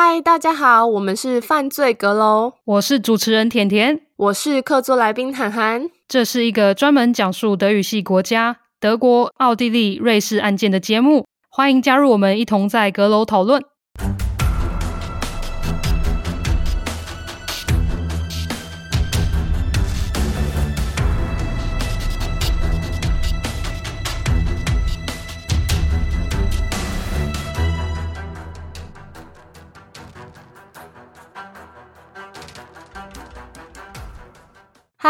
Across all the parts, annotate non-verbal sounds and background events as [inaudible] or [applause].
嗨，大家好，我們是犯罪閣樓，我是主持人甜甜，我是客座來賓涵涵，這是一個專門講述德語系國家德國、奧地利、瑞士案件的節目，歡迎加入我們，一同在閣樓討論。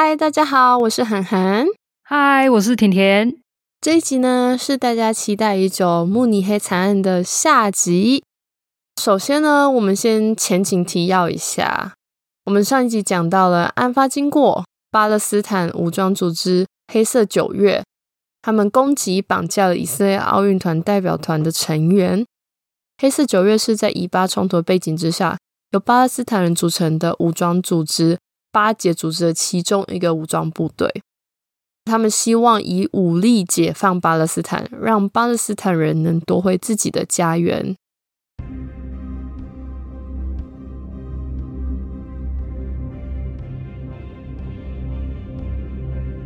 嗨，大家好，我是涵涵。嗨，我是甜甜。這一集呢是大家期待已久《慕尼黑慘案》的下集。首先呢，我們先前情提要一下。我們上一集講到了案發經過，巴勒斯坦武裝組織“黑色九月”，他們攻擊綁架了以色列奧運團代表團的成員。黑色九月是在以巴衝突背景之下，由巴勒斯坦人組成的武裝組織。巴解組織的其中一個武裝部隊，他們希望以武力解放巴勒斯坦，讓巴勒斯坦人能奪回自己的家園。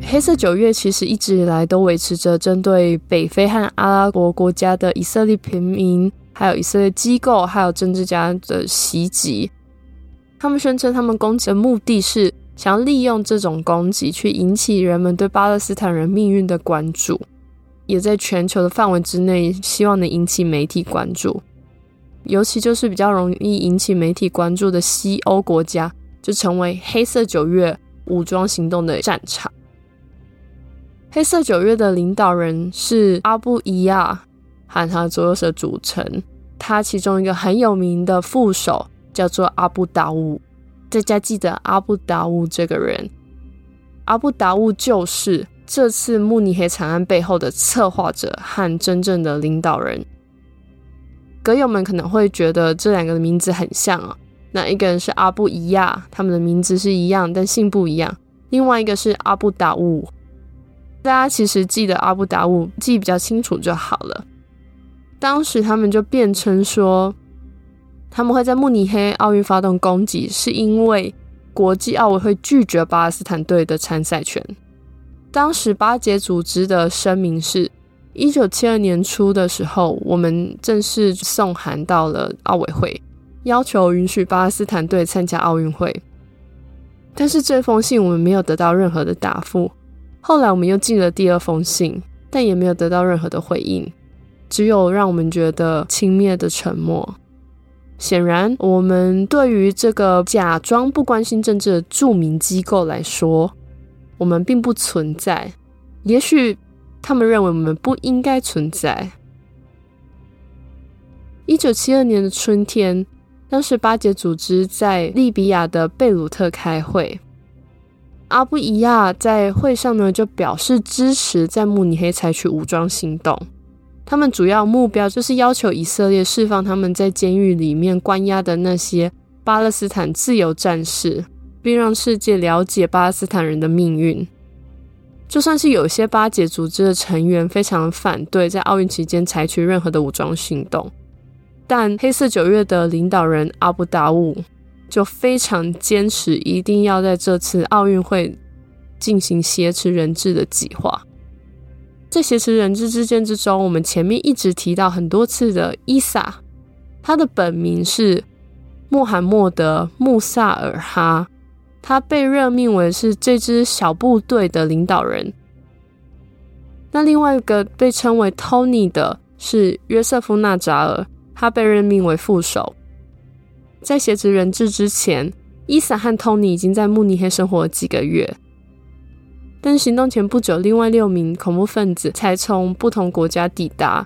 黑色九月其實一直以來都維持着針對北非和阿拉伯國家的以色列平民，還有以色列機構，還有政治家的襲擊。他們宣稱，他們攻擊的目的是想要利用這種攻擊去引起人們對巴勒斯坦人命運的關注，也在全球的範圍之內，希望能引起媒體關注，尤其就是比較容易引起媒體關注的西歐國家，就成為“黑色九月”武裝行動的戰場。黑色九月的領導人是阿布伊亞和他左右手組成，他其中一個很有名的副手。叫做阿布達烏，大家記得阿布達烏這個人。阿布達烏就是這次慕尼黑慘案背後的策劃者和真正的領導人。歌友們可能會覺得這兩個的名字很像啊、哦，那一個人是阿布伊亞，他們的名字是一樣，但姓不一樣。另外一個是阿布達烏，大家其實記得阿布達烏記比較清楚就好了。當時他們就辯稱說。他們會在慕尼黑奧運發動攻擊，是因為國際奧委會拒絕巴勒斯坦隊的參賽權。當時巴解組織的聲明是：一九七二年初的時候，我們正式送函到了奧委會，要求允許巴勒斯坦隊參加奧運會。但是這封信我們沒有得到任何的答覆。後來我們又寄了第二封信，但也沒有得到任何的回應，只有讓我們覺得輕蔑的沉默。顯然，我們對於這個假裝不關心政治的著名機構來說，我們並不存在。也許他們認為我們不應該存在。一九七二年的春天，當時巴解組織在利比亞的貝魯特開會，阿布伊亞在會上呢就表示支持在慕尼黑採取武裝行動。他們主要目標就是要求以色列釋放他們在監獄裡面關押的那些巴勒斯坦自由戰士，並讓世界了解巴勒斯坦人的命運。就算是有些巴解組織的成員非常反對在奧運期間採取任何的武裝行動，但黑色九月的領導人阿布達烏就非常堅持一定要在這次奧運會進行挾持人質的計劃。在挾持人質事件之中，我們前面一直提到很多次的伊薩，他的本名是穆罕默德·穆薩爾哈，他被任命為是這支小部隊的領導人。那另外一個被稱為托尼的是約瑟夫·納扎爾，他被任命為副手。在挾持人質之前，伊薩和托尼已經在慕尼黑生活了幾個月。但行動前不久，另外六名恐怖分子才從不同國家抵達。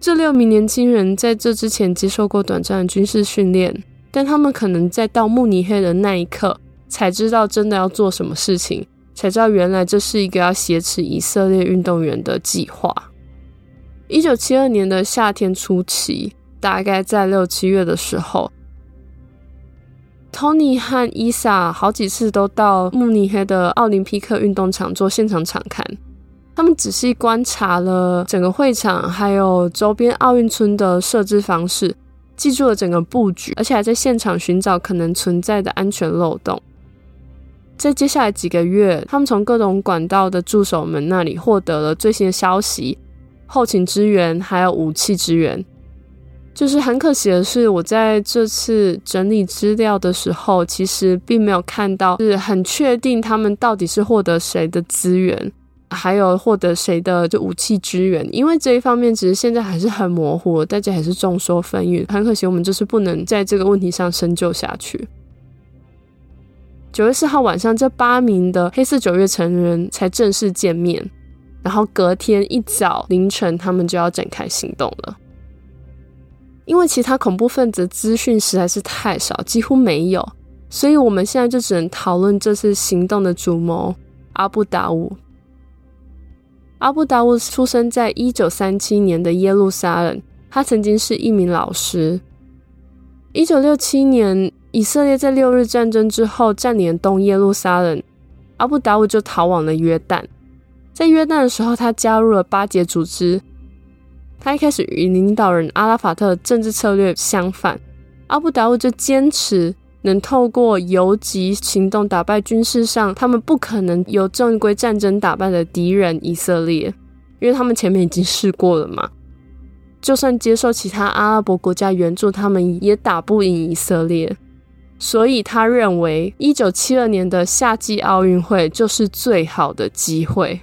這六名年輕人在這之前接受過短暫的軍事訓練，但他們可能在到慕尼黑的那一刻才知道，真的要做什麼事情，才知道原來這是一個要挾持以色列運動員的計劃。一九七二年的夏天初期，大概在六七月的時候。托尼和伊莎好幾次都到慕尼黑的奧林匹克運動場做現場查看，他們仔細觀察了整個會場，還有周邊奧運村的設置方式，記住了整個布局，而且還在現場尋找可能存在的安全漏洞。在接下來幾個月，他們從各種管道的助手們那裡獲得了最新的消息、後勤支援，還有武器支援。就是很可惜的是，我在這次整理資料的時候，其實並沒有看到，是很確定他們到底是獲得誰的資源，還有獲得誰的就武器支援，因為這一方面其實現在還是很模糊，大家還是眾說紛紜。很可惜，我們就是不能在這個問題上深究下去。九月四號晚上，這八名的黑色九月成員才正式見面，然後隔天一早凌晨，他們就要展開行動了。因為其他恐怖分子的資訊實在是太少，幾乎沒有，所以我們現在就只能討論這次行動的主謀阿布達烏。阿布達烏出生在一九三七年的耶路撒冷，他曾經是一名老師。一九六七年，以色列在六日戰爭之後占領東耶路撒冷，阿布達烏就逃往了約旦。在約旦的時候，他加入了巴解組織。他一開始與領導人阿拉法特的政治策略相反，阿布達烏就堅持能透過遊擊行動打敗軍事上他們不可能由正規戰爭打敗的敵人以色列，因為他們前面已經試過了嘛。就算接受其他阿拉伯國家援助，他們也打不贏以色列。所以他認為，一九七二年的夏季奧運會就是最好的機會。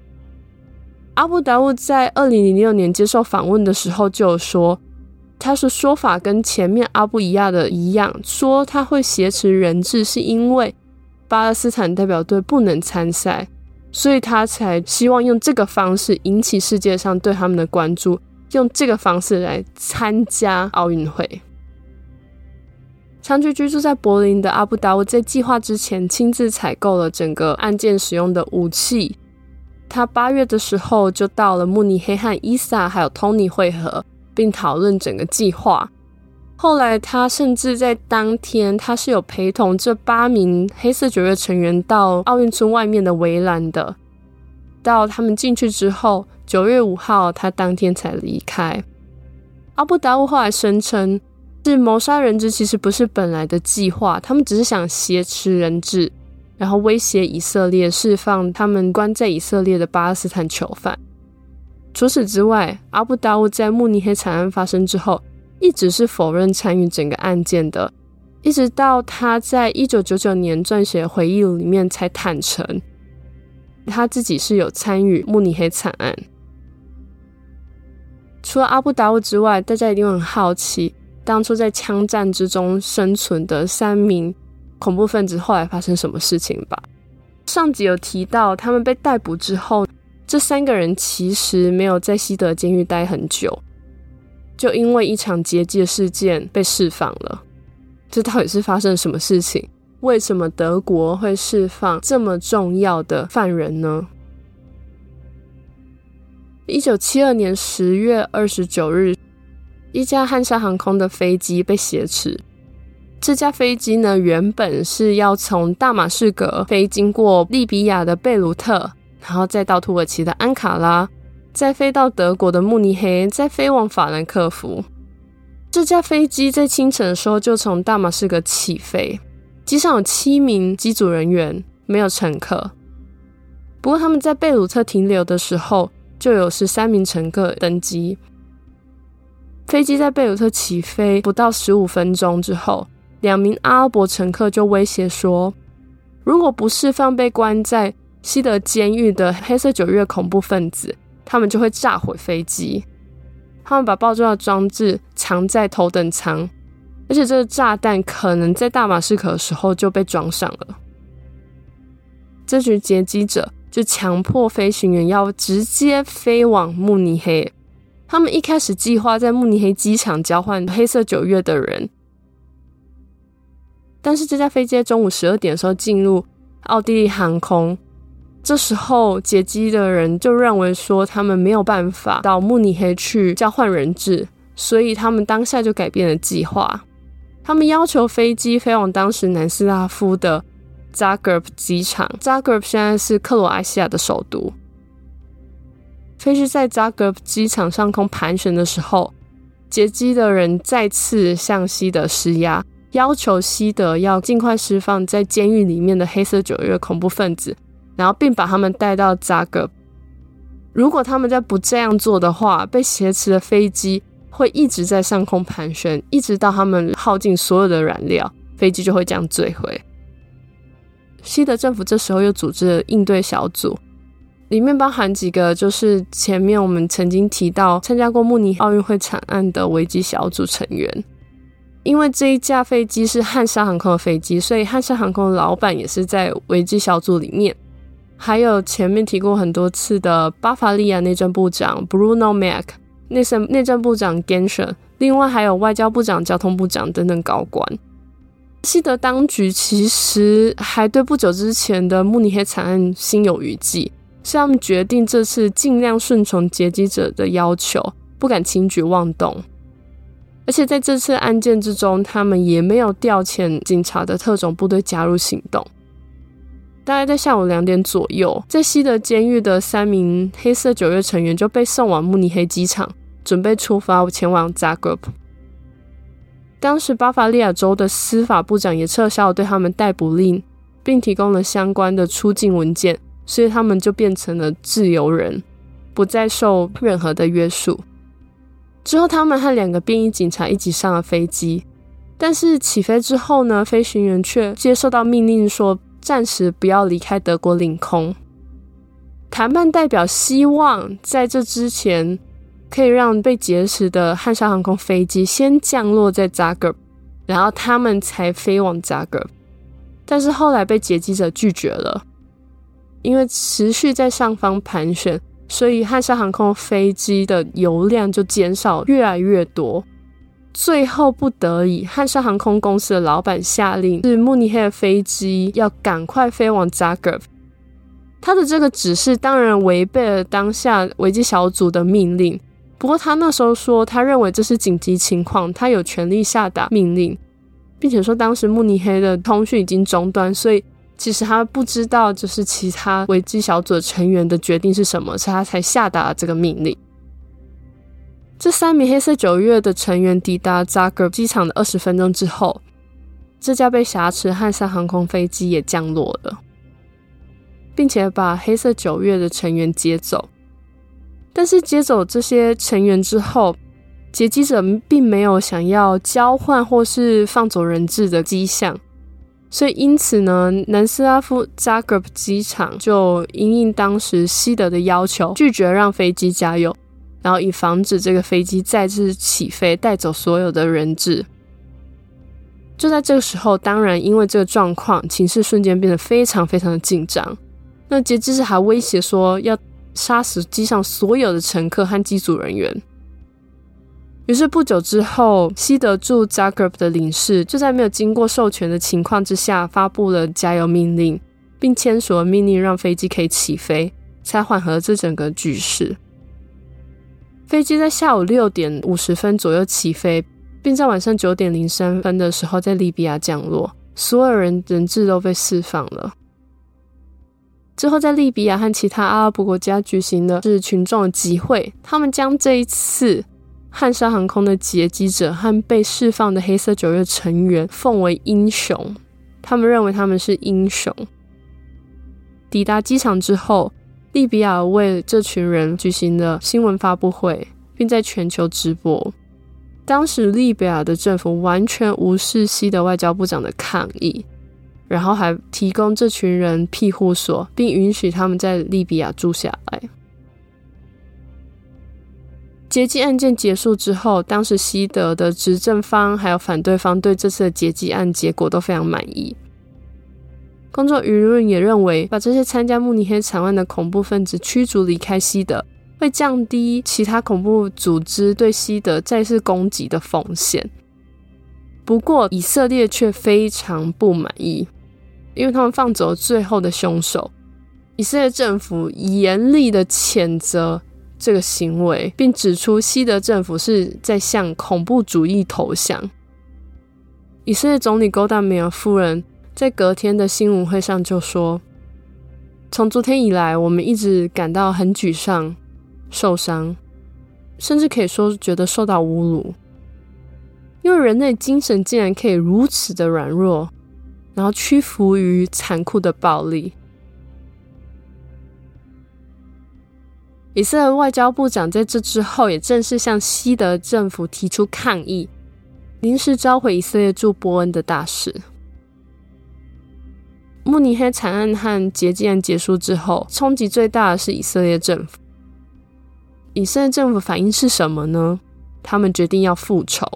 阿布達烏在二零零六年接受訪問的時候就有說，他的說法跟前面阿布伊亞的一樣，說他會挾持人質是因為巴勒斯坦代表隊不能參賽，所以他才希望用這個方式引起世界上對他們的關注，用這個方式來參加奧運會。長期居住在柏林的阿布達烏在計劃之前親自採購了整個案件使用的武器。他八月的時候就到了慕尼黑，和伊薩還有托尼會合，並討論整個計劃。後來，他甚至在當天，他是有陪同這八名黑色九月成員到奧運村外面的圍欄的。到他們進去之後，九月五號，他當天才離開。阿布達烏後來聲稱，是謀殺人質，其實不是本來的計劃，他們只是想挾持人質。然後威脅以色列釋放他們關在以色列的巴勒斯坦囚犯。除此之外，阿布達烏在慕尼黑慘案發生之後，一直是否認參與整個案件的，一直到他在一九九九年撰寫回憶錄，裡面才坦誠，他自己是有參與慕尼黑慘案。除了阿布達烏之外，大家一定很好奇，當初在槍戰之中生存的三名，恐怖分子後來發生什麼事情吧？上集有提到，他們被逮捕之後，這三個人其實沒有在西德監獄待很久，就因為一場劫機事件被釋放了。這到底是發生什麼事情？為什麼德國會釋放這麼重要的犯人呢？一九七二年十月二十九日，一架漢莎航空的飛機被挾持。這架飛機呢，原本是要從大馬士革飛經過利比亞的貝魯特，然後再到土耳其的安卡拉，再飛到德國的慕尼黑，再飛往法蘭克福。這架飛機在清晨的時候就從大馬士革起飛，機上有七名機組人員，沒有乘客。不過他們在貝魯特停留的時候，就有十三名乘客登機。飛機在貝魯特起飛不到十五分鐘之後，兩名阿拉伯乘客就威脅說：“如果不釋放被關在西德監獄的‘黑色九月’恐怖分子，他們就會炸毀飛機。”他們把爆炸裝置藏在頭等艙，而且這個炸彈可能在大馬士革時候就被裝上了。這群劫機者就強迫飛行員要直接飛往慕尼黑。他們一開始計劃在慕尼黑機場交換“黑色九月”的人。但是這架飛機在中午十二點的時候進入奧地利航空，這時候劫機的人就認為說他們沒有辦法到慕尼黑去交換人質，所以他們當下就改變了計劃。他們要求飛機飛往當時南斯拉夫的札格雷布機場，札格雷布現在是克羅埃西亞的首都。飛機在札格雷布機場上空盤旋的時候，劫機的人再次向西德施壓，要求西德要盡快釋放在監獄裡面的黑色九月恐怖分子，然後並把他們帶到扎格。如果他們再不這樣做的話，被挾持的飛機會一直在上空盤旋，一直到他們耗盡所有的燃料，飛機就會這樣墜毀。西德政府這時候又組織了應對小組，裡面包含幾個就是前面我們曾經提到參加過慕尼黑奧運會慘案的危機小組成員。因為這一架飛機是漢莎航空的飛機，所以漢莎航空的老闆也是在危機小組裡面。還有前面提過很多次的巴伐利亞內政部長 Bruno Merck、內政內政部長 Genscher，另外還有外交部長、交通部長等等高官。西德當局其實還對不久之前的慕尼黑慘案心有餘悸，所以他們決定這次儘量順從劫機者的要求，不敢輕舉妄動。而且在這次案件之中，他們也沒有調遣警察的特種部隊加入行動。大概在下午兩點左右，在西德監獄的三名黑色九月成員就被送往慕尼黑機場，準備出發前往 Zagreb。當時巴伐利亞州的司法部長也撤銷了對他們逮捕令，並提供了相關的出境文件，所以他們就變成了自由人，不再受任何的約束。之後，他們和兩個便衣警察一起上了飛機。但是起飛之後呢，飛行員卻接受到命令，說暫時不要離開德國領空。談判代表希望在這之前，可以讓被劫持的漢莎航空飛機先降落在扎格，然後他們才飛往扎格。但是後來被劫機者拒絕了，因為持續在上方盤旋。所以漢莎航空飛機的油量就減少越來越多，最後不得已，漢莎航空公司的老闆下令，是慕尼黑的飛機要趕快飛往扎格。他的這個指示當然違背了當下危機小組的命令，不過他那時候說，他認為這是緊急情況，他有權利下達命令，並且說當時慕尼黑的通訊已經中斷，所以。其實他不知道，就是其他危機小組的成員的決定是什麼，所以他才下達了這個命令。這三名黑色九月的成員抵達扎格機場的二十分鐘之後，這架被挾持漢莎航空飛機也降落了，並且把黑色九月的成員接走。但是接走這些成員之後，劫機者並沒有想要交換或是放走人質的跡象。所以，因此呢，南斯拉夫札格雷布機場就因應當時西德的要求，拒絕讓飛機加油，然後以防止這個飛機再次起飛帶走所有的人質。就在這個時候，當然因為這個狀況，情勢瞬間變得非常非常的緊張。那劫機者還威脅說要殺死機上所有的乘客和機組人員。於是不久之後，西德駐扎格爾的領事就在沒有經過授權的情況之下發佈了加油命令，並簽署了命令，讓飛機可以起飛，才緩和了這整個局勢。飛機在下午六點五十分左右起飛，並在晚上九點零三分的時候在利比亞降落，所有人人質都被釋放了。之後，在利比亞和其他阿拉伯國家舉行的是群眾集會，他們將這一次。漢莎航空的劫機者和被釋放的“黑色九月”成員奉為英雄，他們認為他們是英雄。抵達機場之後，利比亞為這群人舉行了新聞發布會，並在全球直播。當時，利比亞的政府完全無視西德外交部長的抗議，然後還提供這群人庇護所，並允許他們在利比亞住下來。劫機案件結束之後，當時西德的執政方還有反對方對這次的劫機案的結果都非常滿意。工作輿論也認為，把這些參加慕尼黑慘案的恐怖分子驅逐離開西德，會降低其他恐怖組織對西德再次攻擊的風險。不過，以色列卻非常不滿意，因為他們放走最後的兇手。以色列政府嚴厲的譴責。這個行為，並指出西德政府是在向恐怖主義投降。以色列總理戈達米爾夫人在隔天的新聞會上就說：“從昨天以來，我們一直感到很沮喪、受傷，甚至可以說覺得受到侮辱，因為人類精神竟然可以如此的軟弱，然後屈服於殘酷的暴力。”以色列外交部長在這之後也正式向西德政府提出抗議，臨時召回以色列駐波恩的大使。慕尼黑慘案和劫機案結束之後，衝擊最大的是以色列政府。以色列政府反應是什麼呢？他們決定要復仇。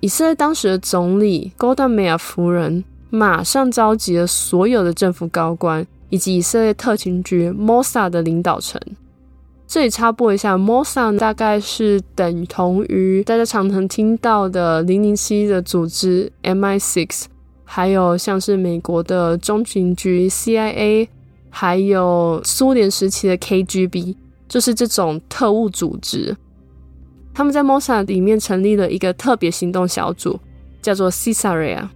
以色列當時的總理，高達梅爾夫人馬上召集了所有的政府高官。以及以色列特勤局 Mossad 的領導層，這裡插播一下 Mossad 大概是等同於大家常常聽到的零零七的組織 MI6，還有像是美國的中情局 CIA，還有蘇聯時期的 KGB，就是這種特務組織。他們在 Mossad 裡面成立了一個特別行動小組，叫做 Caesarea，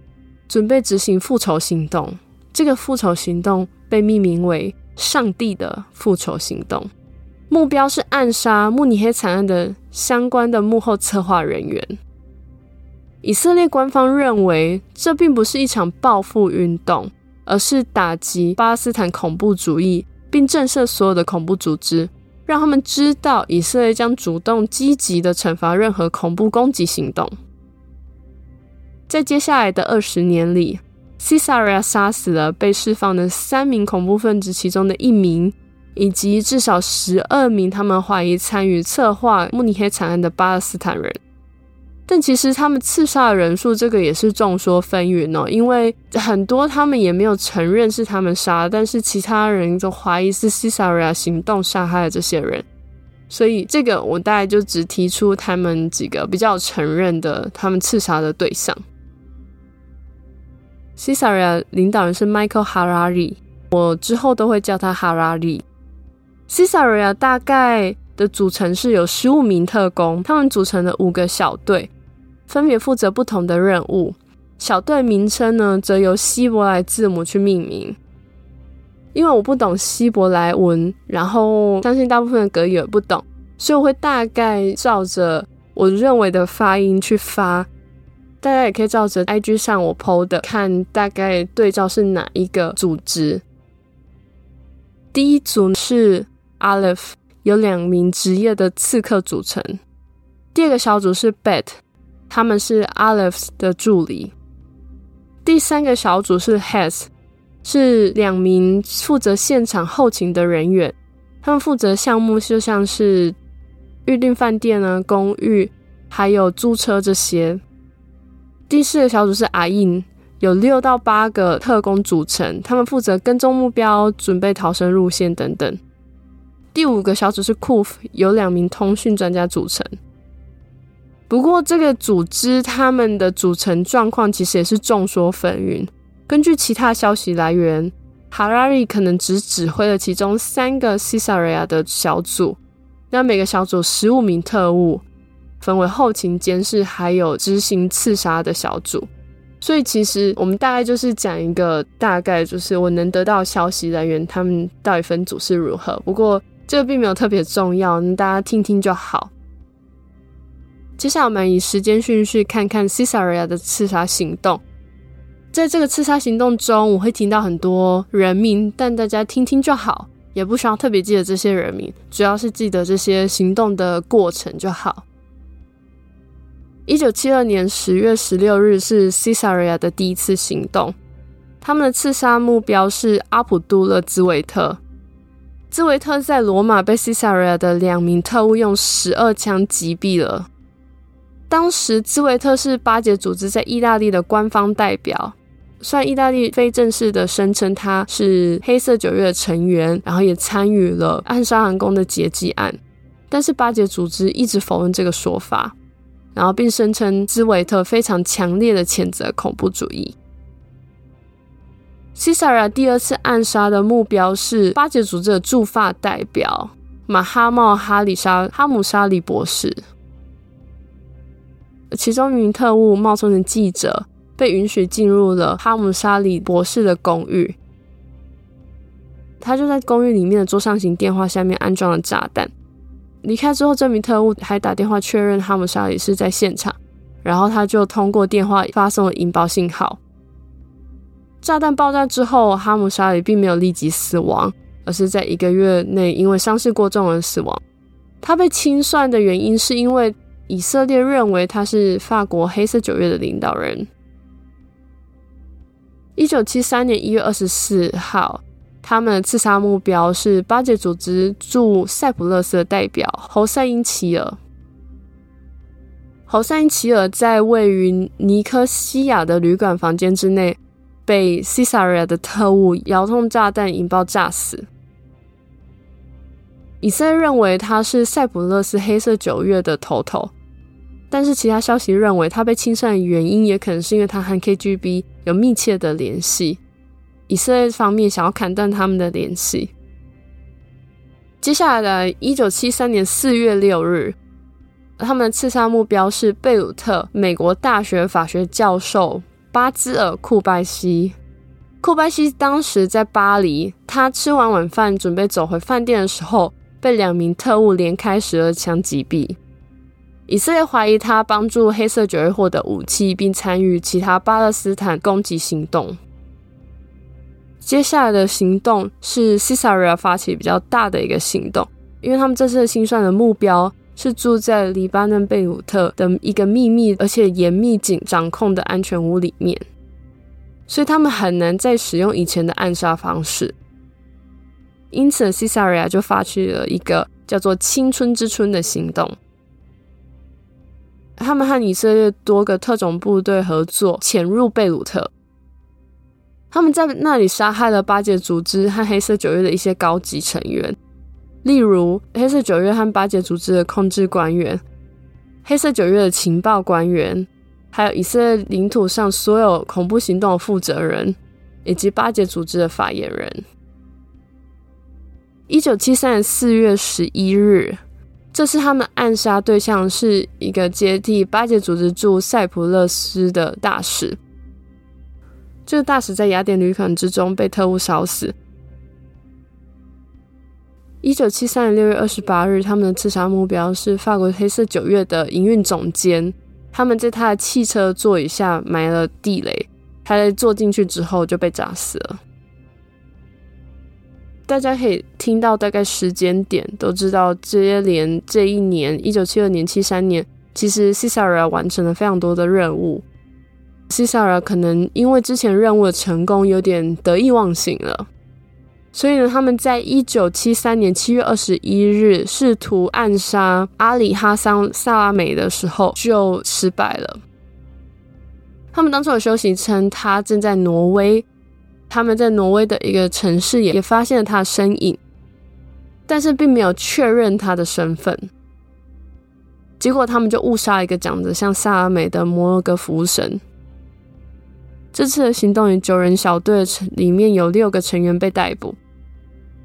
準備執行復仇行動。這個復仇行動。被命名為“上帝的復仇行動”，目標是暗殺慕尼黑慘案的相關的幕後策劃人員。以色列官方認為，這並不是一場報復運動，而是打擊巴勒斯坦恐怖主義，並震懾所有的恐怖組織，讓他們知道以色列將主動積極地懲罰任何恐怖攻擊行動。在接下來的二十年裡。Caesarea 殺死了被釋放的三名恐怖分子，其中的一名，以及至少十二名他們懷疑參與策劃慕尼黑慘案的巴勒斯坦人。但其實他們刺殺的人數這個也是眾說紛紜哦，因為很多他們也沒有承認是他們殺，但是其他人就懷疑是 Caesarea 行動殺害了這些人。所以這個我大概就只提出他們幾個比較承認的他們刺殺的對象。Cesarea 領導人是 Michael 哈拉里，我之後都會叫他哈拉里。Cesarea 大概的組成是有十五名特工，他們組成了五個小隊，分別負責不同的任務。小隊名稱呢，則由希伯來字母去命名。因為我不懂希伯來文，然後相信大部分的格友也不懂，所以我會大概照着我認為的發音去發。大家也可以照着 IG 上我 PO 的看，大概對照是哪一個組織。第一組是 Aleph 由兩名職業的刺客組成。第二個小組是 Bet，他們是 Aleph 的助理。第三個小組是 Has，是兩名負責現場後勤的人員，他們負責項目就像是預定飯店啊、公寓，還有租車這些。第四個小組是阿印，有六到八個特工組成，他們負責跟蹤目標、準備逃生路線等等。第五個小組是庫夫，有兩名通訊專家組成。不過，這個組織他們的組成狀況其實也是眾說紛紜。根據其他消息來源，哈拉瑞可能只指揮了其中三個 Caesarea 的小組，那每個小組十五名特務。分為後勤監視，還有執行刺殺的小組，所以其實我們大概就是講一個大概，就是我能得到的消息來源，他們到底分組是如何。不過這個並沒有特別重要，大家聽聽就好。接下來我們以時間順序看看 Caesarea 的刺殺行動。在這個刺殺行動中，我會聽到很多人名，但大家聽聽就好，也不需要特別記得這些人名，主要是記得這些行動的過程就好。一九七二年十月十六日是 Cesaria 的第一次行動，他們的刺殺目標是阿普杜勒茲維特。茲維特在羅馬被 Cesaria 的兩名特務用十二槍擊斃了。當時，茲維特是巴解組織在意大利的官方代表，雖然意大利非正式的聲稱他是黑色九月的成員，然後也參與了暗殺安宮的劫機案。但是，巴解組織一直否認這個說法。然後，並聲稱茲維特非常強烈的譴責恐怖主義。西薩爾第二次暗殺的目標是巴解組織的駐法代表馬哈茂哈里沙哈姆沙里博士。其中一名特務冒充的記者被允許進入了哈姆沙里博士的公寓，他就在公寓裡面的桌上型電話下面安裝了炸彈。離開之後，這名特務還打電話確認哈姆沙里是在現場，然後他就通過電話發送了引爆信號。炸彈爆炸之後，哈姆沙里並沒有立即死亡，而是在一個月內因為傷勢過重而死亡。他被清算的原因是因為以色列認為他是法國黑色九月的領導人。一九七三年一月二十四號。他們的刺殺目標是巴解組織駐塞浦勒斯的代表侯賽因·齊爾。侯賽因·齊爾在位於尼科西亞的旅館房間之內，被西薩利亞的特務遙控炸彈引爆炸死。以色列認為他是塞浦勒斯“黑色九月”的頭頭，但是其他消息認為他被清算的原因，也可能是因為他和 KGB 有密切的聯繫。以色列方面想要砍斷他們的聯繫。接下來的一九七三年四月六日，他們的刺殺目標是貝魯特美國大學法學教授巴茲爾·庫拜西。庫拜西當時在巴黎，他吃完晚飯準備走回飯店的時候，被兩名特務連開十二槍擊斃。以色列懷疑他幫助黑色九月獲得武器，並參與其他巴勒斯坦攻擊行動。接下來的行動是 Caesarea 發起比較大的一個行動，因為他們這次的清算的目標是住在黎巴嫩貝魯特的一個秘密而且嚴密緊掌控的安全屋裡面，所以他們很難再使用以前的暗殺方式。因此，Caesarea 就發起了一個叫做“青春之春”的行動，他們和以色列多個特種部隊合作，潛入貝魯特。他們在那裡殺害了巴解組織和黑色九月的一些高級成員，例如黑色九月和巴解組織的控制官員、黑色九月的情報官員，還有以色列領土上所有恐怖行動的負責人，以及巴解組織的發言人。一九七三年四月十一日，這是他們暗殺對象是一個接替巴解組織駐賽普勒斯的大使。這、就、個、是、大使在雅典旅館之中被特務燒死。一九七三年六月二十八日，他們的刺殺目標是法國黑色九月的營運總監。他們在他的汽車座椅下埋了地雷，他在坐進去之後就被炸死了。大家可以聽到大概時間點，都知道接連這一年，一九七二年、七三年，其實 Caesarea 完成了非常多的任務。西薩爾可能因為之前任務的成功，有點得意忘形了，所以呢，他們在一九七三年七月二十一日試圖暗殺阿里哈桑薩拉美的時候就失敗了。他們當初有消息稱他正在挪威，他們在挪威的一個城市也也發現了他的身影，但是並沒有確認他的身份。結果他們就誤殺了一個長得像薩拉美的摩洛哥服務生。這次的行動與九人小隊的裡面有六個成員被逮捕，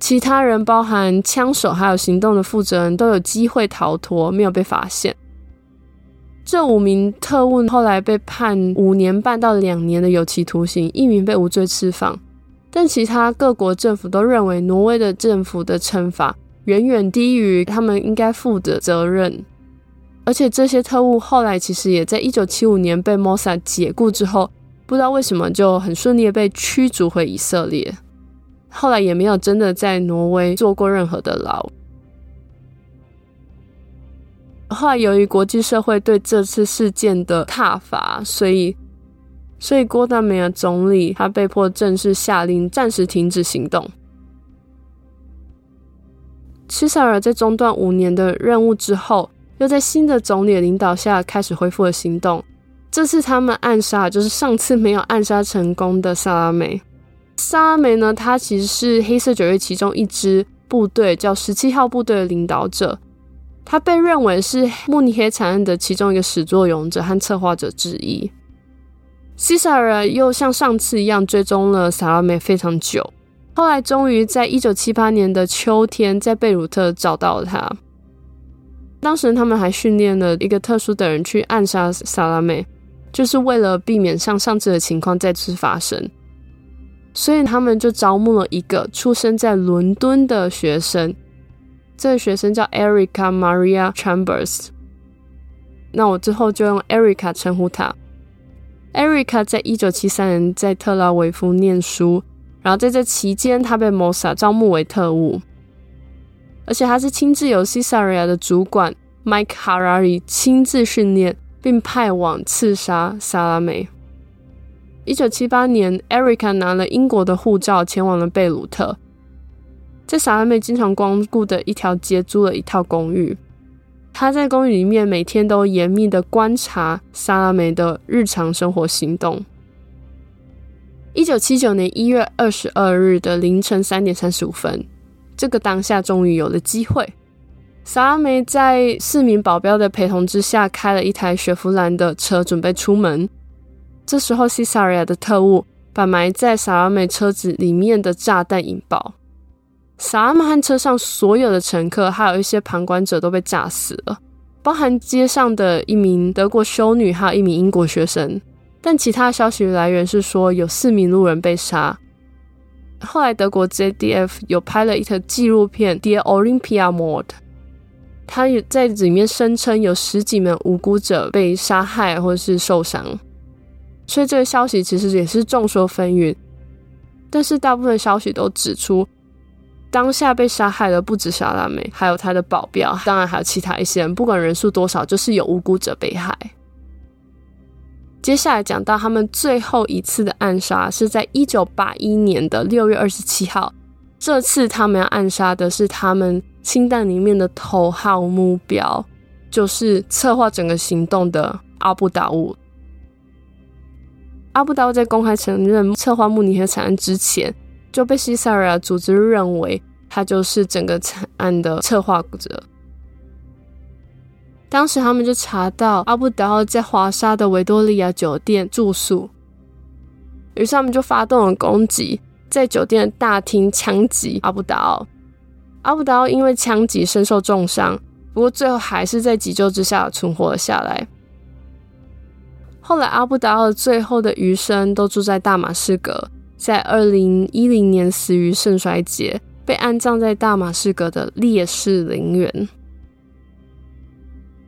其他人包含槍手還有行動的負責人都有機會逃脫，沒有被發現。這五名特務後來被判五年半到兩年的有期徒刑，一名被無罪釋放。但其他各國政府都認為挪威的政府的懲罰遠遠低於他們應該負的責,責任。而且這些特務後來其實也在一九七五年被摩薩解雇之後。不知道為什麼就很順利的被驅逐回以色列，後來也沒有真的在挪威坐過任何的牢。後來由於國際社會對這次事件的撻伐，所以，所以郭達梅爾總理他被迫正式下令暫時停止行動。七薩爾在中斷五年的任務之後，又在新的總理的領導下開始恢復了行動。這次他們暗殺，就是上次沒有暗殺成功的薩拉梅。薩拉梅呢，他其實是黑色九月其中一支部隊叫十七號部隊的領導者，他被認為是慕尼黑慘案的其中一個始作俑者和策劃者之一。西薩爾又像上次一樣追蹤了薩拉梅非常久，後來終於在一九七八年的秋天在貝魯特找到了他。當時他們還訓練了一個特殊的人去暗殺薩拉梅。就是為了避免像上次的情況再次發生，所以他們就招募了一個出生在倫敦的學生。這個學生叫 Erica Maria Chambers，那我之後就用 Erica 稱呼他。Erica 在一九七三年在特拉維夫念書，然後在這期間，他被 Mossad 招募為特務，而且他是親自由 Caesarea 的主管 Mike Harari 親自訓練。並派往刺殺薩拉梅。一九七八年，Erica 拿了英國的護照，前往了貝魯特，在薩拉梅經常光顧的一條街租了一套公寓。他在公寓裡面每天都嚴密的觀察薩拉梅的日常生活行動。一九七九年一月二十二日的凌晨三點三十五分，這個當下終於有了機會。薩拉梅在四名保鏢的陪同之下，開了一台雪佛蘭的車準備出門。這時候，s r i a 的特務把埋在薩拉梅車子裡面的炸彈引爆，薩拉梅和車上所有的乘客，還有一些旁觀者都被炸死了，包含街上的一名德國修女，還有一名英國學生。但其他消息來源是說有四名路人被殺。後來，德國 JDF 有拍了一條紀錄片《d a r Olympia Mord》。他也在裡面聲稱有十幾名無辜者被殺害或是受傷，所以這個消息其實也是眾說紛紜。但是大部分消息都指出，當下被殺害的不止薩拉梅，還有他的保鏢，當然還有其他一些人，不管人數多少，就是有無辜者被害。接下來講到他們最後一次的暗殺是在一九八一年的六月二十七號，這次他們要暗殺的是他們清單裡面的頭號目標，就是策劃整個行動的阿布達奧。阿布達奧在公開承認策劃慕尼黑慘案之前，就被西撒爾組織認為他就是整個慘案的策劃者。當時他們就查到阿布達奧在華沙的維多利亞酒店住宿，於是他們就發動了攻擊，在酒店的大廳槍擊阿布達奧。阿布達奧因為槍擊身受重傷，不過最後還是在急救之下存活了下來。後來，阿布達奧最後的餘生都住在大馬士革，在二零一零年死於腎衰竭，被安葬在大馬士革的烈士陵園。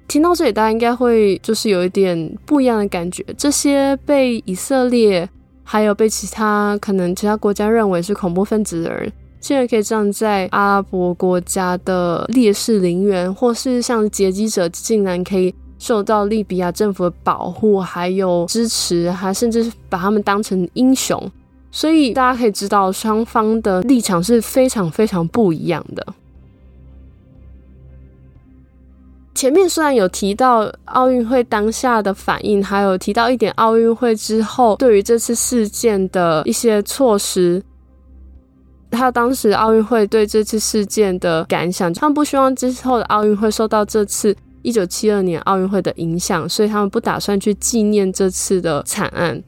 聽到這裡，大家應該會就是有一點不一樣的感覺：這些被以色列，還有被其他可能其他國家認為是恐怖分子的人。現在可以站在阿拉伯國家的烈士陵園，或是像劫機者，竟然可以受到利比亞政府的保護，還有支持，還甚至是把他們當成英雄。所以大家可以知道，雙方的立場是非常非常不一樣的。前面雖然有提到奧運會當下的反應，還有提到一點奧運會之後對於這次事件的一些措施。他當時奧運會對這次事件的感想，他們不希望之後的奧運會受到這次一九七二年奧運會的影響，所以他們不打算去紀念這次的慘案。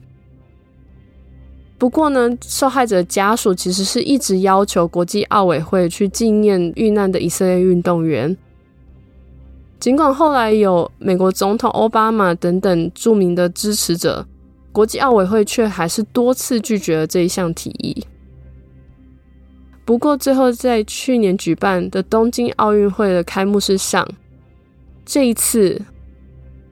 不過呢，受害者家屬其實是一直要求國際奧委會去紀念遇難的以色列運動員。儘管後來有美國總統奧巴馬等等著名的支持者，國際奧委會卻還是多次拒絕了這一項提議。不過，最後在去年舉辦的東京奧運會的開幕式上，這一次，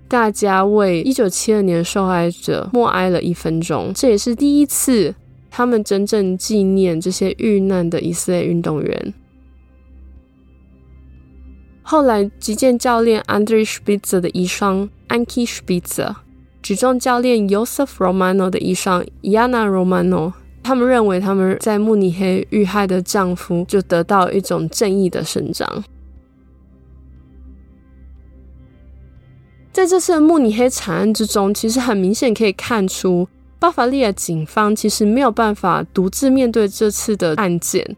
大家為1972年受害者默哀了一分鐘，這也是第一次他們真正紀念這些遇難的以色列運動員。後來，擊劍教練 Andrei Spitzer 的遺孀 Ankie Spitzer，舉重教練 Yosef Romano 的遺孀 Yana Romano，他們認為，他們在慕尼黑遇害的丈夫就得到一種正義的伸張。在這次慕尼黑慘案之中，其實很明顯可以看出，巴伐利亞警方其實沒有辦法獨自面對這次的案件。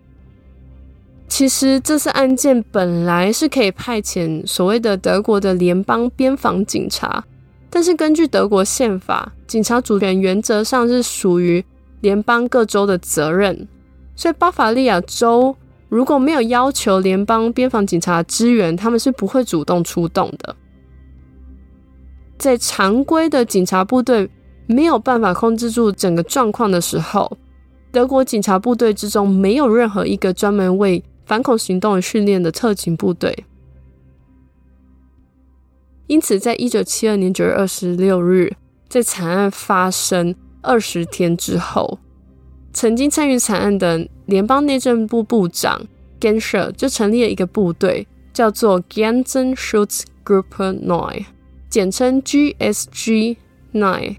其實，這次案件本來是可以派遣所謂的德國的聯邦邊防警察，但是根據德國憲法，警察主權原則上是屬於。聯邦各州的責任，所以巴伐利亞州如果沒有要求聯邦邊防警察支援，他們是不會主動出動的。在常規的警察部隊沒有辦法控制住整個狀況的時候，德國警察部隊之中沒有任何一個專門為反恐行動訓練的特警部隊。因此，在一九七二年九月二十六日，在慘案發生二十天之後，曾經參與慘案的聯邦內政部部長 Genscher 就成立了一個部隊，叫做 Grenzschutzgruppe Neun，簡稱 GSG Nine。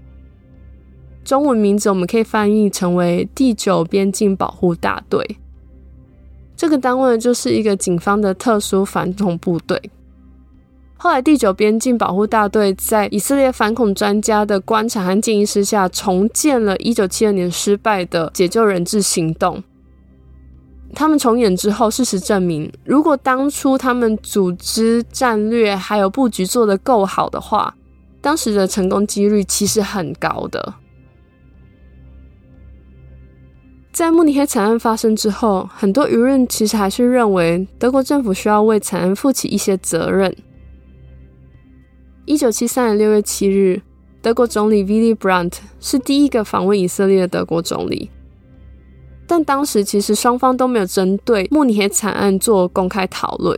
中文名字我們可以翻譯成為第九邊境保護大隊。這個單位就是一個警方的特殊反恐部隊。後來，第九邊境保護大隊在以色列反恐專家的觀察和建議之下，重建了1972年失敗的解救人質行動。他們重演之後，事實證明，如果當初他們組織戰略還有布局做得夠好的話，當時的成功幾率其實很高的。在慕尼黑慘案發生之後，很多輿論其實還是認為德國政府需要為慘案負起一些責任。一九七三年六月七日，德國總理維利·勃蘭特是第一個訪問以色列的德國總理。但當時其實雙方都沒有針對慕尼黑慘案做公開討論。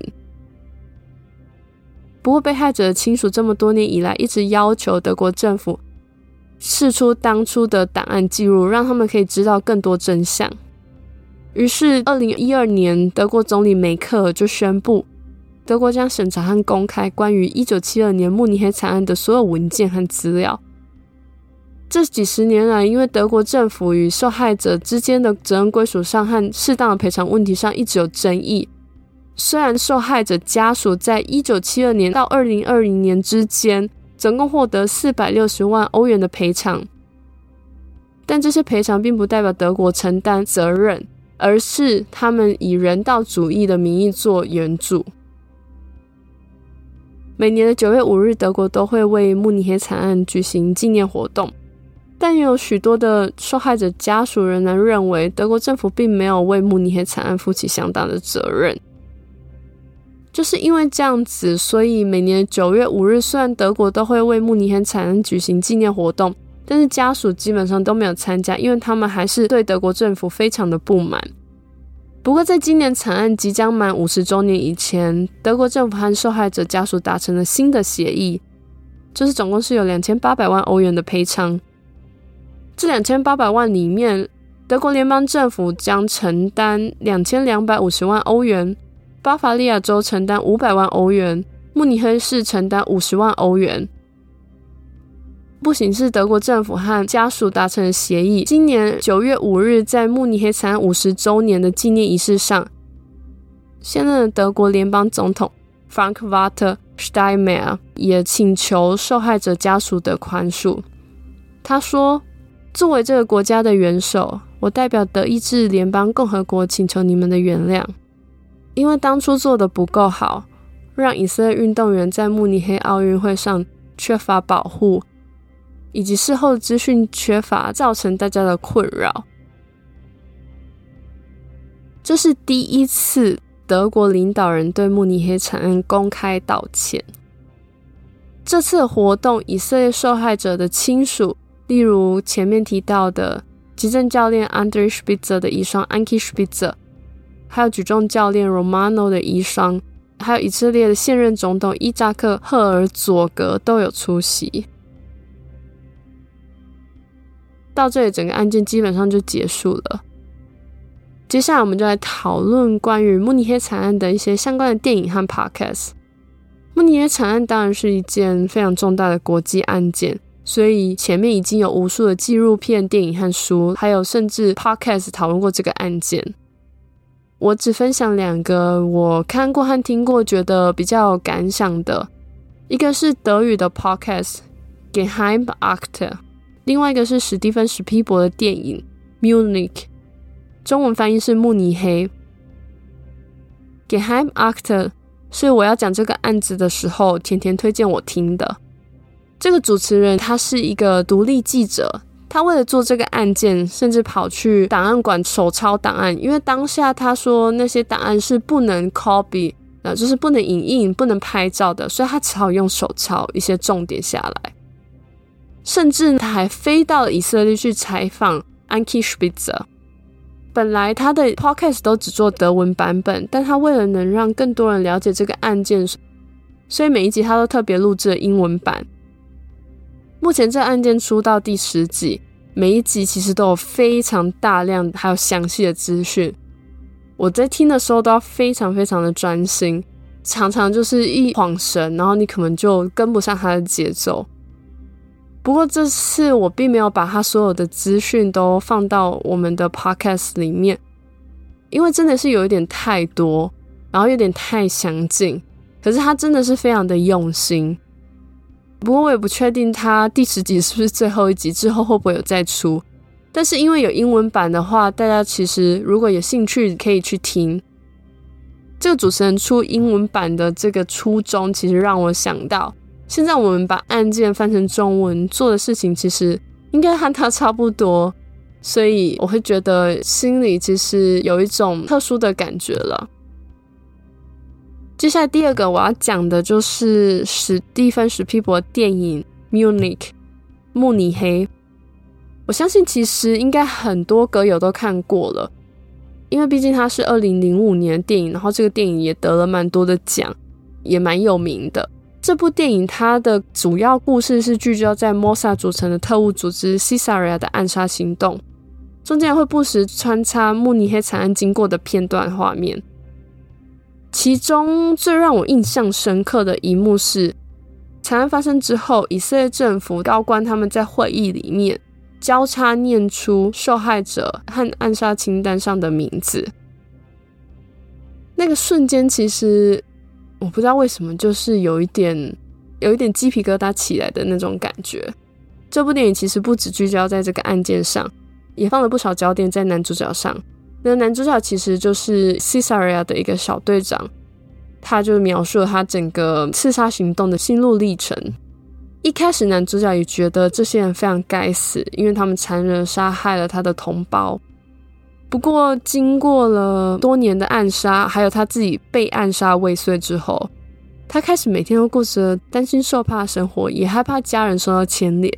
不過，被害者的親屬這麼多年以來一直要求德國政府釋出當初的檔案記錄，讓他們可以知道更多真相。於是，二零一二年，德國總理梅克爾就宣布。德國將審查和公開關於一九七二年慕尼黑慘案的所有文件和資料。這幾十年來，因為德國政府與受害者之間的責任歸屬上和適當的賠償問題上一直有爭議。雖然受害者家屬在一九七二年到二零二零年之間總共獲得四百六十萬歐元的賠償，但這些賠償並不代表德國承擔責任，而是他們以人道主義的名義做援助。每年的九月五日，德國都會為慕尼黑慘案舉行紀念活動，但也有許多的受害者家屬仍然認為德國政府並沒有為慕尼黑慘案負起相當的責任。就是因為這樣子，所以每年九月五日，雖然德國都會為慕尼黑慘案舉行紀念活動，但是家屬基本上都沒有參加，因為他們還是對德國政府非常的不滿。不過，在今年慘案即將滿五十周年以前，德國政府和受害者家屬達成了新的協議，就是總共是有兩千八百萬歐元的賠償。這兩千八百萬裡面，德國聯邦政府將承擔兩千兩百五十萬歐元，巴伐利亞州承擔五百萬歐元，慕尼黑市承擔五十萬歐元。不僅是德國政府和家屬達成的協議，今年九月五日，在慕尼黑慘案五十周年的紀念儀式上，現任的德國聯邦總統 Frank Walter Steinmeier 也請求受害者家屬的寬恕。他說：“作為這個國家的元首，我代表德意志聯邦共和國請求你們的原諒，因為當初做得不夠好，讓以色列運動員在慕尼黑奧運會上缺乏保護。”以及事後的資訊缺乏，造成大家的困擾。這是第一次德國領導人對慕尼黑慘案公開道歉。這次的活動，以色列受害者的親屬，例如前面提到的擊劍教練 Andre Spitzer 的遺孀 Ankie Spitzer，還有舉重教練 Romano 的遺孀，還有以色列的現任總統伊扎克赫爾佐格都有出席。到這裡，整個案件基本上就結束了。接下來，我們就來討論關於慕尼黑慘案的一些相關的電影和 podcast。慕尼黑慘案當然是一件非常重大的國際案件，所以前面已經有無數的紀錄片、電影和書，還有甚至 podcast 討論過這個案件。我只分享兩個我看過和聽過，覺得比較有感想的。一個是德語的 podcast《Geheimakte 另外一個是史蒂芬史皮伯的電影《Munich》，中文翻譯是慕尼黑。Geheimakte 是我要講這個案子的時候，甜甜推薦我聽的。這個主持人他是一個獨立記者，他為了做這個案件，甚至跑去檔案館手抄檔案，因為當下他說那些檔案是不能 copy，啊，就是不能影印、不能拍照的，所以他只好用手抄一些重點下來。甚至他還飛到了以色列去採訪 Ankie Spitzer，本來他的 Podcast 都只做德文版本，但他為了能讓更多人了解這個案件，所以每一集他都特別錄製了英文版。目前這案件出到第十集，每一集其實都有非常大量還有詳細的資訊。我在聽的時候都要非常非常的專心，常常就是一晃神，然後你可能就跟不上他的節奏。不過這次我並沒有把他所有的資訊都放到我們的 podcast 裡面，因為真的是有一點太多，然後有點太詳盡。可是他真的是非常的用心。不過我也不確定他第十集是不是最後一集，之後會不會有再出。但是因為有英文版的話，大家其實如果有興趣可以去聽。這個主持人出英文版的這個初衷，其實讓我想到。現在我們把案件翻成中文做的事情，其實應該和他差不多，所以我會覺得心裡其實有一種特殊的感覺了。接下來第二個我要講的就是史蒂芬 [noise] 史，史皮伯的電影《 [noise] Munich》慕尼黑。我相信其實應該很多歌友都看過了，因為畢竟它是二零零五年的電影，然後這個電影也得了蠻多的獎，也蠻有名的。這部電影它的主要故事，是聚焦在摩薩組成的特務組織 Caesarea 的暗殺行動，中間會不時穿插慕尼黑慘案經過的片段畫面。其中最讓我印象深刻的一幕是，慘案發生之後，以色列政府高官他們在會議裡面交叉念出受害者和暗殺清單上的名字，那個瞬間其實，我不知道為什麼，就是有一點，有一點雞皮疙瘩起來的那種感覺。這部電影其實不只聚焦在這個案件上，也放了不少焦點在男主角上。那個、男主角其實就是 Caesarea 的一個小隊長，他就描述了他整個刺殺行動的心路歷程。一開始，男主角也覺得這些人非常該死，因為他們殘忍殺害了他的同胞。不過，經過了多年的暗殺，還有他自己被暗殺未遂之後，他開始每天都過着擔心受怕的生活，也害怕家人受到牽連，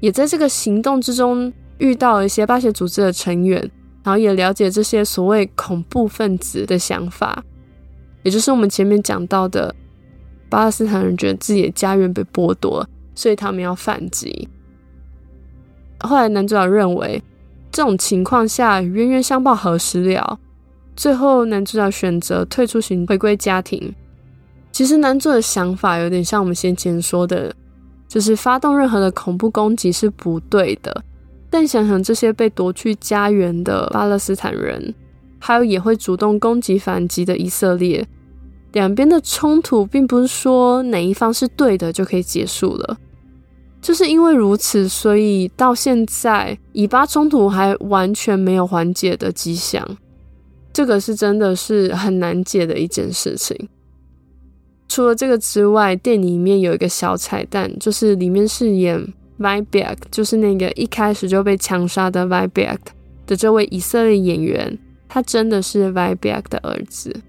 也在這個行動之中遇到一些巴解組織的成員，然後也了解這些所謂恐怖分子的想法，也就是我們前面講到的，巴勒斯坦人覺得自己的家園被剝奪，所以他們要反擊。後來男主角認為。這種情況下，冤冤相報何時了？最後，男主角選擇退出行回歸家庭。其實，男主的想法有點像我們先前說的，就是發動任何的恐怖攻擊是不對的。但想想這些被奪去家園的巴勒斯坦人，還有也會主動攻擊反擊的以色列，兩邊的衝突並不是說哪一方是對的就可以結束了。就是因為如此，所以到現在以巴衝突還完全沒有緩解的跡象，這個是真的是很難解的一件事情。除了這個之外，電影裡面有一個小彩蛋，就是裡面飾演 Vibeck，就是那個一開始就被槍殺的 Vibeck 的這位以色列演員，他真的是 Vibeck 的兒子。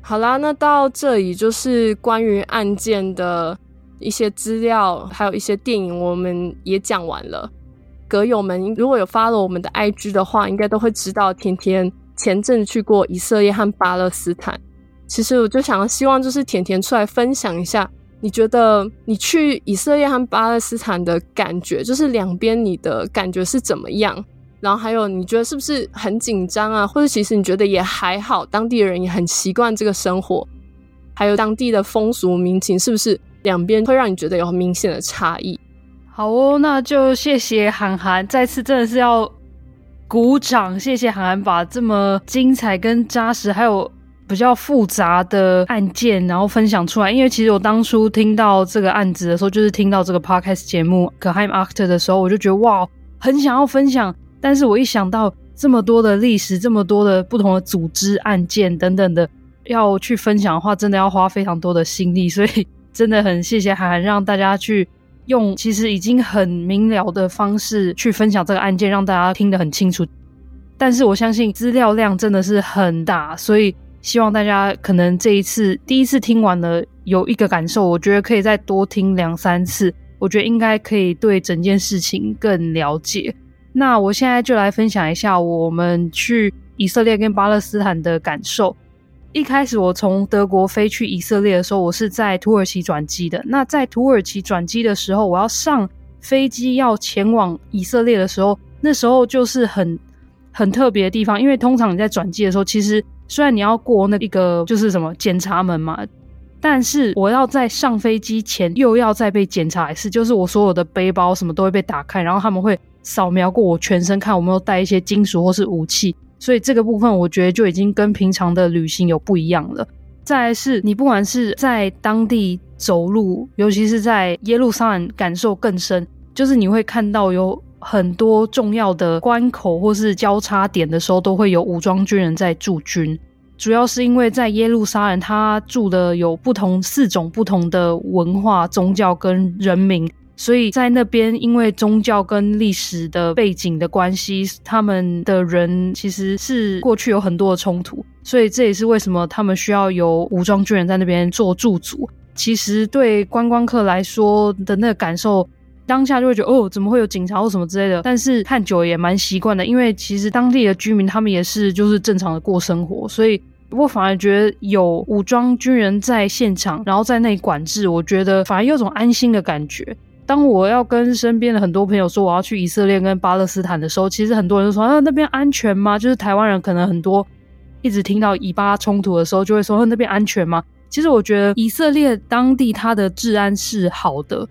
好啦，那到這裡就是關於案件的。一些資料，還有一些電影，我們也講完了。歌友們如果有 follow 我們的 IG 的話，應該都會知道甜甜前陣子去過以色列和巴勒斯坦。其實我就想要希望，就是甜甜出來分享一下，你覺得你去以色列和巴勒斯坦的感覺，就是兩邊你的感覺是怎麼樣？然後還有你覺得是不是很緊張啊？或者其實你覺得也還好，當地的人也很習慣這個生活，還有當地的風俗民情是不是？兩邊會讓你覺得有很明顯的差異。好哦，那就謝謝韓寒，再次真的是要鼓掌，謝謝韓寒把這麼精彩、跟紮實，還有比較複雜的案件，然後分享出來。因為其實我當初聽到這個案子的時候，就是聽到這個 podcast 節目《c r i m a c t e r 的時候，我就覺得哇，很想要分享。但是我一想到這麼多的歷史、這麼多的不同的組織案件等等的要去分享的話，真的要花非常多的心力，所以。真的很謝謝韓寒，讓大家去用其實已經很明了的方式去分享這個案件，讓大家聽得很清楚。但是我相信資料量真的是很大，所以希望大家可能這一次第一次聽完了有一個感受，我覺得可以再多聽兩三次，我覺得應該可以對整件事情更了解。那我現在就來分享一下我們去以色列跟巴勒斯坦的感受。一開始我從德國飛去以色列的時候，我是在土耳其轉機的。那在土耳其轉機的時候，我要上飛機要前往以色列的時候，那時候就是很很特別的地方，因為通常你在轉機的時候，其實雖然你要過那一個就是什麼檢查門嘛，但是我要在上飛機前又要再被檢查一次，就是我所有的背包什麼都會被打開，然後他們會掃描過我全身，看有沒有帶一些金屬或是武器。所以這個部分，我覺得就已經跟平常的旅行有不一樣了。再來是，你不管是在當地走路，尤其是在耶路撒冷，感受更深，就是你會看到有很多重要的關口或是交叉點的時候，都會有武裝軍人在駐軍。主要是因為在耶路撒冷，他住的有不同四種不同的文化、宗教跟人民。所以在那邊，因為宗教跟歷史的背景的關係，他們的人其實是過去有很多的衝突，所以這也是為什麼他們需要有武裝軍人在那邊做駐足。其實對觀光客來說的那個感受，當下就會覺得哦，怎麼會有警察或什麼之類的。但是看久也蠻習慣的，因為其實當地的居民他們也是就是正常的過生活，所以我反而覺得有武裝軍人在現場，然後在那裡管制，我覺得反而有種安心的感覺。當我要跟身邊的很多朋友說我要去以色列跟巴勒斯坦的時候，其實很多人都說：“啊，那邊安全嗎？”就是台灣人可能很多一直聽到以巴衝突的時候，就會說：“啊，那邊安全嗎？”其實我覺得以色列當地它的治安是好的，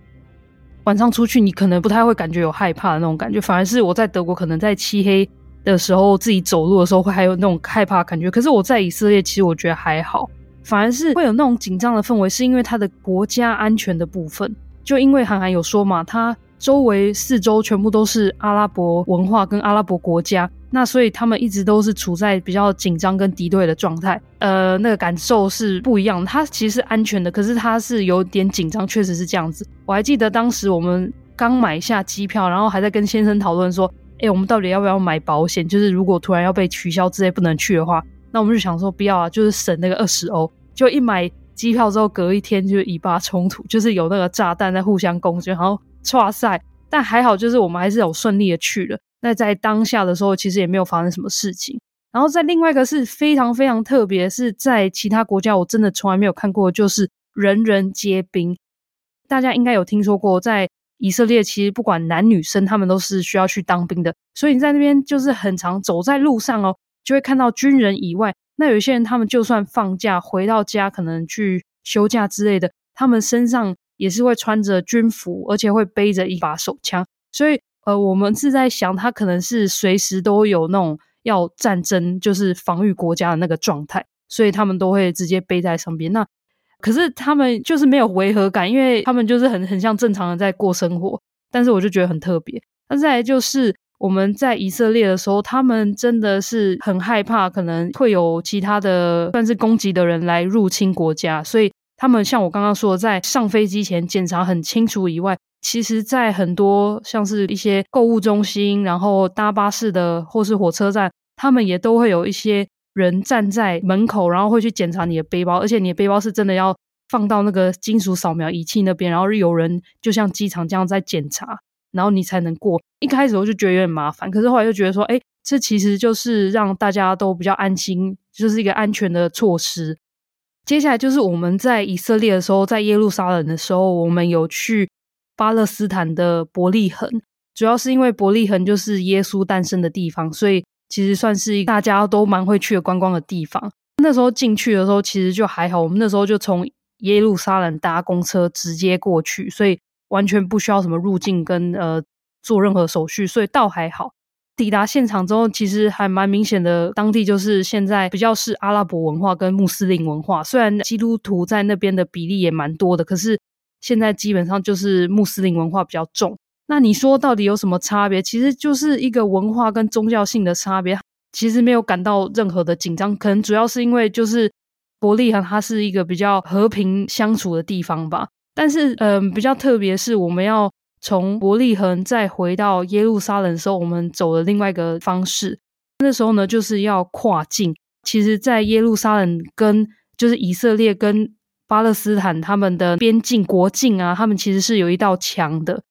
晚上出去你可能不太會感覺有害怕的那種感覺，反而是我在德國可能在漆黑的時候自己走路的時候會還有那種害怕的感覺。可是我在以色列，其實我覺得還好，反而是會有那種緊張的氛圍，是因為它的國家安全的部分。就因為韓寒有說嘛，他周圍四周全部都是阿拉伯文化跟阿拉伯國家，那所以他們一直都是處在比較緊張跟敵對的狀態。呃，那個感受是不一樣，他其實是安全的，可是他是有點緊張，確實是這樣子。我還記得當時我們剛買下機票，然後還在跟先生討論說，哎，我們到底要不要買保險？就是如果突然要被取消之類不能去的話，那我們就想說不要啊，就是省那個二十歐，就一買。機票之後隔一天就以巴衝突，就是有那個炸彈在互相攻擊，然後哇塞！但還好，就是我們還是有順利的去了。那在當下的時候，其實也沒有發生什麼事情。然後在另外一個是非常非常特別是，是在其他國家我真的從來沒有看過，就是人人皆兵。大家應該有聽說過，在以色列其實不管男女生，他們都是需要去當兵的，所以你在那邊就是很常走在路上哦，就會看到軍人以外。那有些人，他們就算放假回到家，可能去休假之類的，他們身上也是會穿着軍服，而且會背着一把手槍。所以，呃，我們是在想，他可能是隨時都有那種要戰爭，就是防禦國家的那個狀態，所以他們都會直接背在身邊。那可是他們就是沒有違和感，因為他們就是很很像正常人在過生活。但是我就覺得很特別。那再來就是。我們在以色列的時候，他們真的是很害怕，可能會有其他的算是攻擊的人來入侵國家，所以他們像我剛剛說，在上飛機前檢查很清楚以外，其實，在很多像是一些購物中心，然後搭巴士的或是火車站，他們也都會有一些人站在門口，然後會去檢查你的背包，而且你的背包是真的要放到那個金屬掃描儀器那邊，然後有人就像機場這樣在檢查。然後你才能過。一開始我就覺得有點麻煩，可是後來就覺得說，哎，這其實就是讓大家都比較安心，就是一個安全的措施。接下來就是我們在以色列的時候，在耶路撒冷的時候，我們有去巴勒斯坦的伯利恆，主要是因為伯利恆就是耶穌誕生的地方，所以其實算是大家都蠻會去的觀光的地方。那時候進去的時候其實就還好，我們那時候就從耶路撒冷搭公車直接過去，所以。完全不需要什麼入境跟呃做任何手續，所以倒還好。抵達現場之後，其實還蠻明顯的，當地就是現在比較是阿拉伯文化跟穆斯林文化。雖然基督徒在那邊的比例也蠻多的，可是現在基本上就是穆斯林文化比較重。那你說到底有什麼差別？其實就是一個文化跟宗教性的差別。其實沒有感到任何的緊張，可能主要是因為就是伯利恆它是一個比較和平相處的地方吧。但是，嗯、呃，比較特別是我們要從伯利恆再回到耶路撒冷的時候，我們走的另外一個方式。那時候呢，就是要跨境。其實，在耶路撒冷跟就是以色列跟巴勒斯坦他們的邊境國境啊，他們其實是有一道牆的。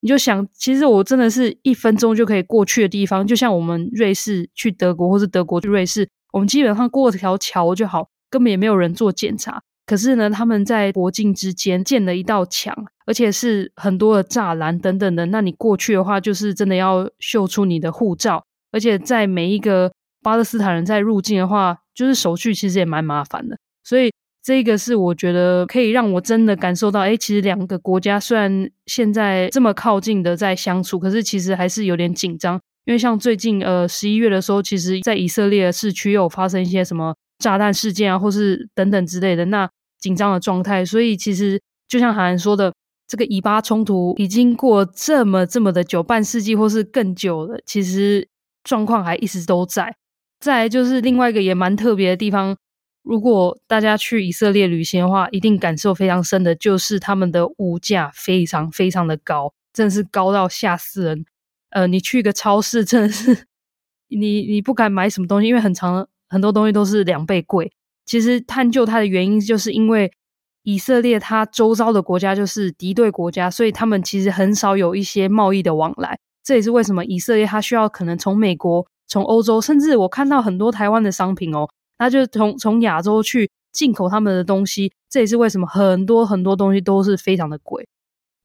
你就想，其實我真的是一分鐘就可以過去的地方，就像我們瑞士去德國，或者德國去瑞士，我們基本上過這條橋就好，根本也沒有人做檢查。可是呢，他們在國境之間建了一道牆，而且是很多的柵欄等等的。那你過去的話，就是真的要秀出你的護照，而且在每一個巴勒斯坦人在入境的話，就是手續其實也蠻麻煩的。所以這個是我覺得可以讓我真的感受到，誒，其實兩個國家雖然現在這麼靠近的在相處，可是其實還是有點緊張。因為像最近呃十一月的時候，其實在以色列的市區又有發生一些什麼炸彈事件啊，或是等等之類的，那。緊張的狀態，所以其實就像韓寒說的，這個以巴衝突已經過這麼這麼的久，半世紀或是更久了，其實狀況還一直都在。再來就是另外一個也蠻特別的地方，如果大家去以色列旅行的話，一定感受非常深的就是他們的物價非常非常的高，真的是高到嚇死人。呃，你去一個超市，真的是你你不敢買什麼東西，因為很長很多東西都是兩倍貴。其實探究它的原因，就是因為以色列它周遭的國家就是敵對國家，所以他們其實很少有一些貿易的往來。這也是為什麼以色列它需要可能從美國、從歐洲，甚至我看到很多台灣的商品哦，它就從從亞洲去進口他們的東西。這也是為什麼很多很多東西都是非常的貴。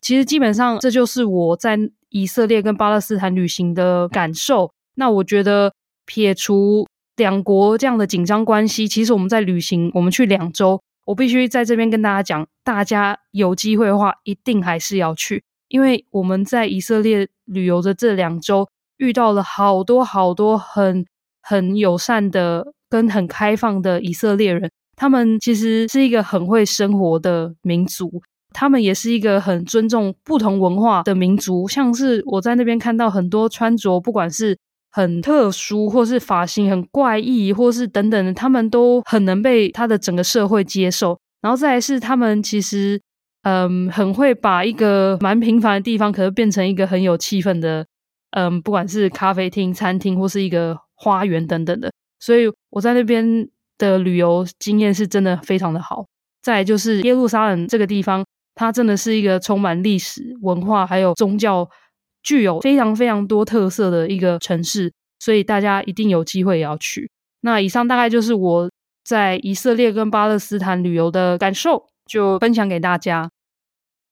其實基本上這就是我在以色列跟巴勒斯坦旅行的感受。那我覺得撇除，兩國這樣的緊張關係，其實我們在旅行，我們去兩周，我必須在這邊跟大家講，大家有機會的話，一定還是要去，因為我們在以色列旅遊的這兩周，遇到了好多好多很很友善的跟很開放的以色列人，他們其實是一個很會生活的民族，他們也是一個很尊重不同文化的民族，像是我在那邊看到很多穿着，不管是。很特殊，或是髮型很怪異，或是等等的，他們都很能被他的整個社會接受。然後再來是，他們其實嗯，很會把一個蠻平凡的地方，可能變成一個很有氣氛的，嗯，不管是咖啡廳、餐廳或是一個花園等等的。所以我在那邊的旅遊經驗是真的非常的好。再來就是耶路撒冷這個地方，它真的是一個充滿歷史、文化還有宗教，具有非常非常多特色的一個城市，所以大家一定有機會也要去。那以上大概就是我在以色列跟巴勒斯坦旅遊的感受，就分享給大家。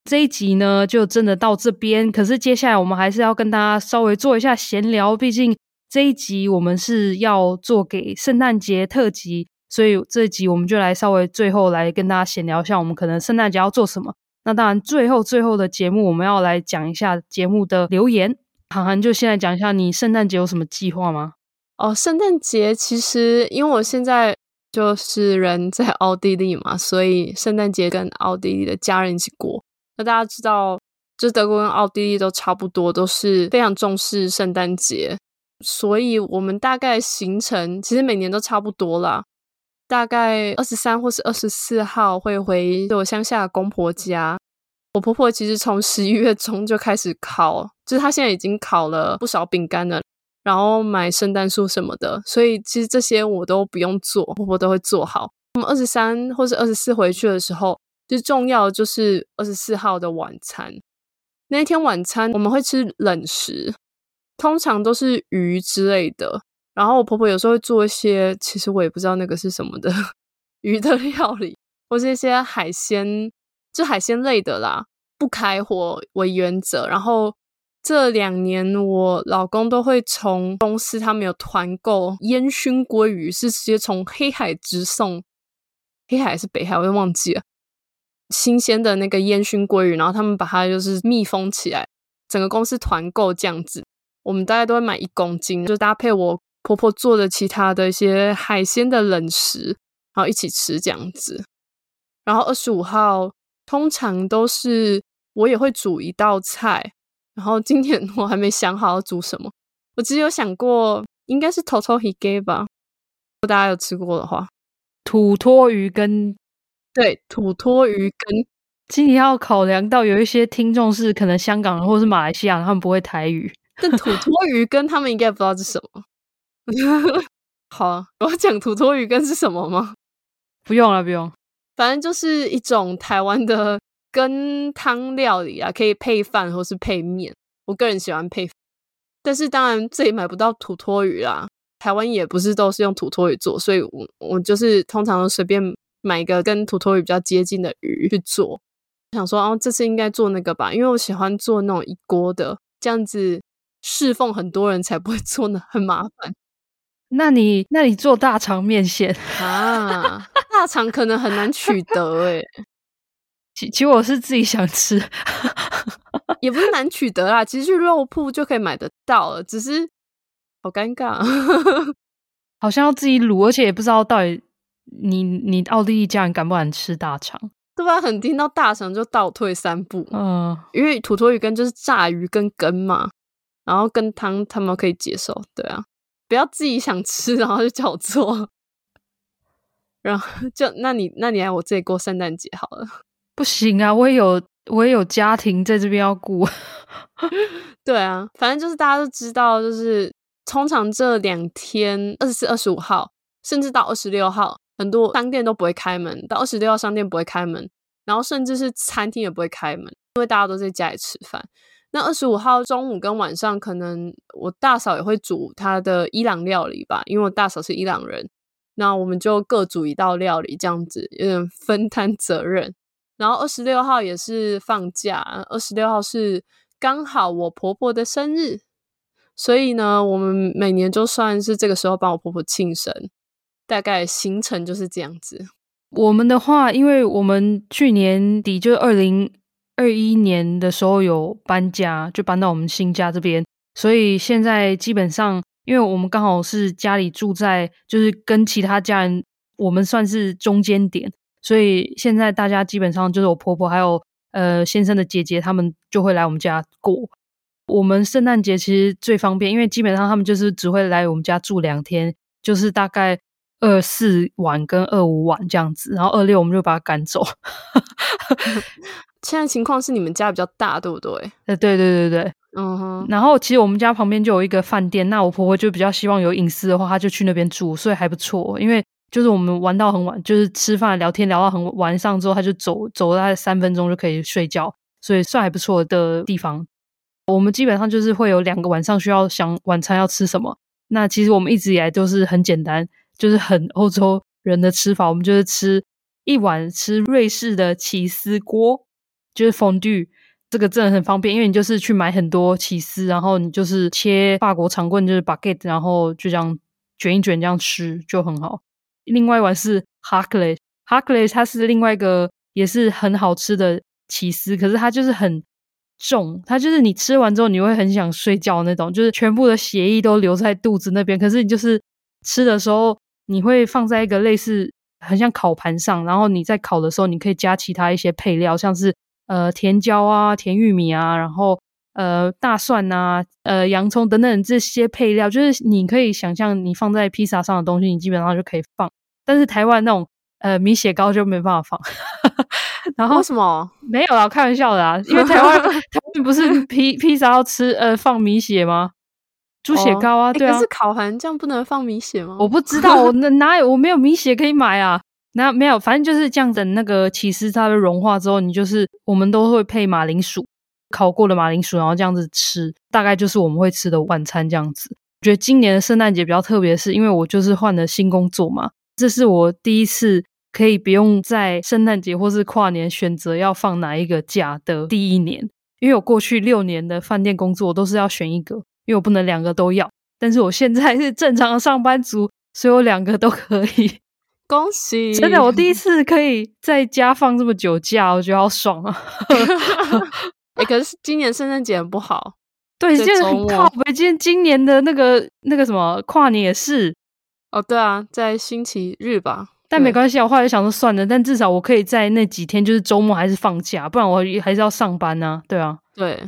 這一集呢，就真的到這邊，可是接下來我們還是要跟大家稍微做一下閒聊，畢竟這一集我們是要做給聖誕節特輯，所以這一集我們就來稍微最後來跟大家閒聊一下，我們可能聖誕節要做什麼。那當然，最後最後的節目，我們要來講一下節目的留言。好寒就先來講一下，你聖誕節有什麼計劃嗎？哦，聖誕節其實因為我現在就是人在奧地利嘛，所以聖誕節跟奧地利的家人一起過。那大家知道，就德國跟奧地利都差不多，都是非常重視聖誕節，所以我們大概行程其實每年都差不多啦。大概二十三、或是二十四號會回我鄉下的公婆家。我婆婆其實從十一月中就開始烤，就是她現在已經烤了不少餅乾了，然後買聖誕樹什麼的，所以其實這些我都不用做，婆婆都會做好。我們二十三或是二十四回去的時候，最重要的就是二十四號的晚餐。那天晚餐我們會吃冷食，通常都是魚之類的。然後我婆婆有時候會做一些，其實我也不知道那個是什麼的魚的料理，或是一些海鮮，就海鮮類的啦，不開火為原則。然後這兩年我老公都會從公司，他們有團購煙燻鮭魚，是直接從黑海直送，黑海還是北海，我都忘記了。新鮮的那個煙燻鮭魚，然後他們把它就是密封起來，整個公司團購這樣子，我們大概都會買一公斤，就搭配我。婆婆做的其他的一些海鮮的冷食，然後一起吃這樣子。然後二十五號通常都是我也會煮一道菜。然後今天我還沒想好要煮什麼，我只有想過應該是土托魚羹吧。如果大家有吃過的話，土托魚羹。對，土托魚羹。今天要考量到有一些聽眾是可能香港人或是馬來西亞，他們不會台語，但土托魚羹他們應該不知道是什麼。 [laughs] [laughs] 好，我要講土托魚羹是什麼嗎？不用了，不用。反正就是一種台灣的羹湯料理啊，可以配飯或是配麵。我個人喜歡配，但是當然這裡買不到土托魚啦。台灣也不是都是用土托魚做，所以我，我我就是通常都隨便買一個跟土托魚比較接近的魚去做。想說，哦，這次應該做那個吧，因為我喜歡做那種一鍋的，這樣子侍奉很多人才不會做呢，很麻煩。那你那你做大腸麵線 [laughs] 啊？大腸可能很難取得誒。其實我是自己想吃， [laughs] 也不是難取得啦，其實去肉鋪就可以買得到了，只是好尷尬， [laughs] 好像要自己滷，而且也不知道到底你你奧地利家人敢不敢吃大腸？對吧？很聽到大腸就倒退三步，嗯，因為土托魚羹就是炸魚跟羹嘛，然後跟湯他們可以接受，對啊。不要自己想吃，然後就叫我做，然後就那你那你來我這裡過聖誕節好了。不行啊，我也有我也有家庭在這邊要過。 [laughs] 對啊，反正就是大家都知道，就是通常這兩天二十四、二十五號，甚至到二十六號，很多商店都不會開門，到二十六號商店不會開門，然後甚至是餐廳也不會開門，因為大家都在家裡吃飯。那二十五號中午跟晚上，可能我大嫂也會煮她的伊朗料理吧，因為我大嫂是伊朗人。那我們就各煮一道料理，這樣子有點分攤責任。然後二十六號也是放假，二十六號是剛好我婆婆的生日，所以呢，我們每年就算是這個時候幫我婆婆慶生。大概行程就是這樣子。我們的話，因為我們去年底就是二零。二一年的時候有搬家，就搬到我們新家這邊，所以現在基本上，因為我們剛好是家裡住在，就是跟其他家人，我們算是中間點，所以現在大家基本上就是我婆婆還有呃先生的姐姐，他們就會來我們家過。我們聖誕節其實最方便，因為基本上他們就是只會來我們家住兩天，就是大概二四晚跟二五晚這樣子，然後二六我們就把他趕走。 [laughs] [laughs] 現在情況是你們家比較大，對不對？呃，對對對對對，嗯哼。然後其實我們家旁邊就有一個飯店，那我婆婆就比較希望有隱私的話，她就去那邊住，所以還不錯。因為就是我們玩到很晚，就是吃飯聊天聊到很晚上之後，她就走，走大概三分鐘就可以睡覺，所以算還不錯的地方。我們基本上就是會有兩個晚上需要想晚餐要吃什麼。那其實我們一直以來都是很簡單，就是很歐洲人的吃法，我們就是吃一碗吃瑞士的起司鍋。就是 fondue 這個真的很方便，因為你就是去買很多起司，然後你就是切法國長棍，就是 baguette，然後就這樣卷一卷，這樣吃就很好。另外一碗是哈克雷，哈克雷它是另外一個也是很好吃的起司，可是它就是很重，它就是你吃完之後你會很想睡覺那種，就是全部的血液都留在肚子那邊。可是你就是吃的時候，你會放在一個類似很像烤盤上，然後你在烤的時候，你可以加其他一些配料，像是。呃，甜椒啊，甜玉米啊，然後呃，大蒜吶、啊，呃，洋蔥等等這些配料，就是你可以想象你放在披薩上的東西，你基本上就可以放。但是台灣那種呃米血糕就沒辦法放。 [laughs] 然後什麼？沒有啊，我開玩笑的啊， [laughs] 因為台灣， [laughs] 台灣不是披披薩要吃呃放米血嗎？哦、豬血糕啊、欸，對啊。可是烤盤這樣不能放米血嗎？我不知道， [laughs] 我那哪有我沒有米血可以買啊。那沒有，反正就是這樣。等那個起司它的融化之後，你就是我們都會配馬鈴薯，烤過的馬鈴薯，然後這樣子吃，大概就是我們會吃的晚餐這樣子。我覺得今年的聖誕節比較特別，是因為我就是換了新工作嘛，這是我第一次可以不用在聖誕節或是跨年選擇要放哪一個假的第一年。因為我過去六年的飯店工作我都是要選一個，因為我不能兩個都要。但是我現在是正常的上班族，所以我兩個都可以。恭喜！真的，我第一次可以在家放這麼久假，我覺得好爽啊！ [laughs] [laughs] 欸、可是今年聖誕節很不好，對，就是很靠北。今今年的那個那個什麼跨年也是，哦，對啊，在星期日吧。但沒關係，我後來想說算了，但至少我可以在那幾天，就是週末還是放假，不然我還是要上班呢、啊。對啊，對，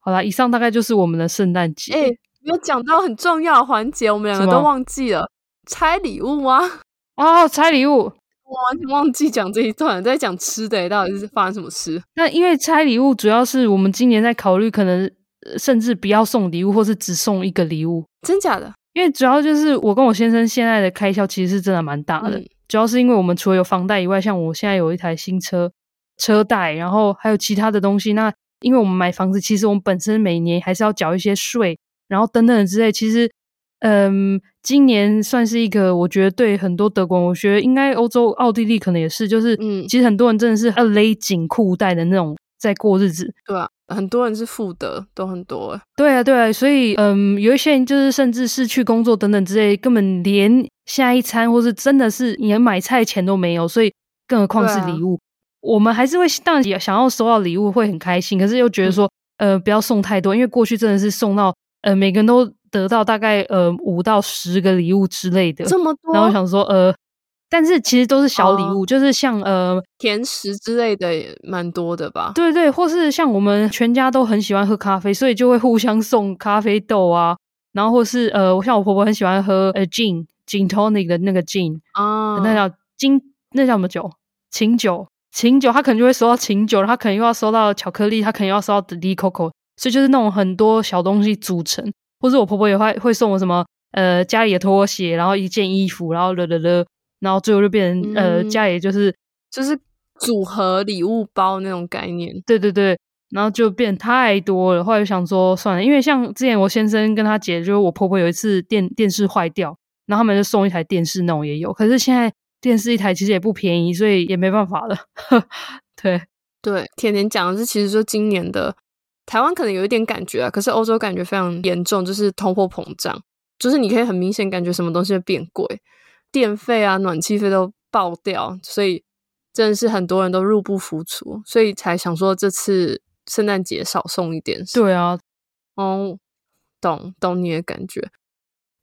好啦，以上大概就是我們的聖誕節。哎、欸，有講到很重要的環節，我們兩個都忘記了，拆禮物嗎、啊？哦，拆禮物，我完全忘記講這一段，在講吃的，到底是發生什麼事？那因為拆禮物主要是我們今年在考慮，可能甚至不要送禮物，或是只送一個禮物，真假的？因為主要就是我跟我先生現在的開銷其實是真的蠻大的、嗯，主要是因為我們除了有房貸以外，像我現在有一台新車，車貸，然後還有其他的東西。那因為我們買房子，其實我們本身每年還是要繳一些稅，然後等等的之類，其實。嗯，今年算是一個，我覺得對很多德國人，我覺得應該歐洲奧地利可能也是，就是嗯，其實很多人真的是要勒緊褲帶的那種在過日子，對啊，很多人是負德都很多，對啊對，啊。所以嗯，有一些人就是甚至失去工作等等之類，根本連下一餐，或是真的是連買菜的錢都沒有，所以更何況是禮物。對啊。我們還是會當然想要收到禮物會很開心，可是又覺得說、嗯、呃不要送太多，因為過去真的是送到呃每個人都。得到大概呃五到十個禮物之類的，這麼多，然後我想說呃，但是其實都是小禮物，oh, 就是像呃甜食之類的，也蠻多的吧？對對，或是像我們全家都很喜歡喝咖啡，所以就會互相送咖啡豆啊，然後或是呃，我像我婆婆很喜歡喝呃 gin gin tonic 的那個 gin 啊，那叫 gin，那叫什麼酒？琴酒，琴酒，她可能就會收到琴酒，他肯她可能又要收到巧克力，她肯定要收到的滴 coco，所以就是那種很多小東西組成，或是我婆婆也會會送我什麼呃家裡的拖鞋，然後一件衣服，然後了了了，然後最後就變成、嗯、呃家裡就是就是組合禮物包那種概念，對對對，然後就變太多了。後來就想說算了，因為像之前我先生跟他姐，就是我婆婆有一次電電視壞掉，然後他們就送一台電視那種也有。可是現在電視一台其實也不便宜，所以也沒辦法了。呵對對，甜甜講的是其實說今年的。台灣可能有一點感覺啊，可是歐洲感覺非常嚴重，就是通貨膨脹，就是你可以很明顯感覺什麼東西變貴，電費啊、暖氣費都爆掉，所以真的是很多人都入不敷出，所以才想說這次聖誕節少送一點。對啊，哦，懂懂你的感覺。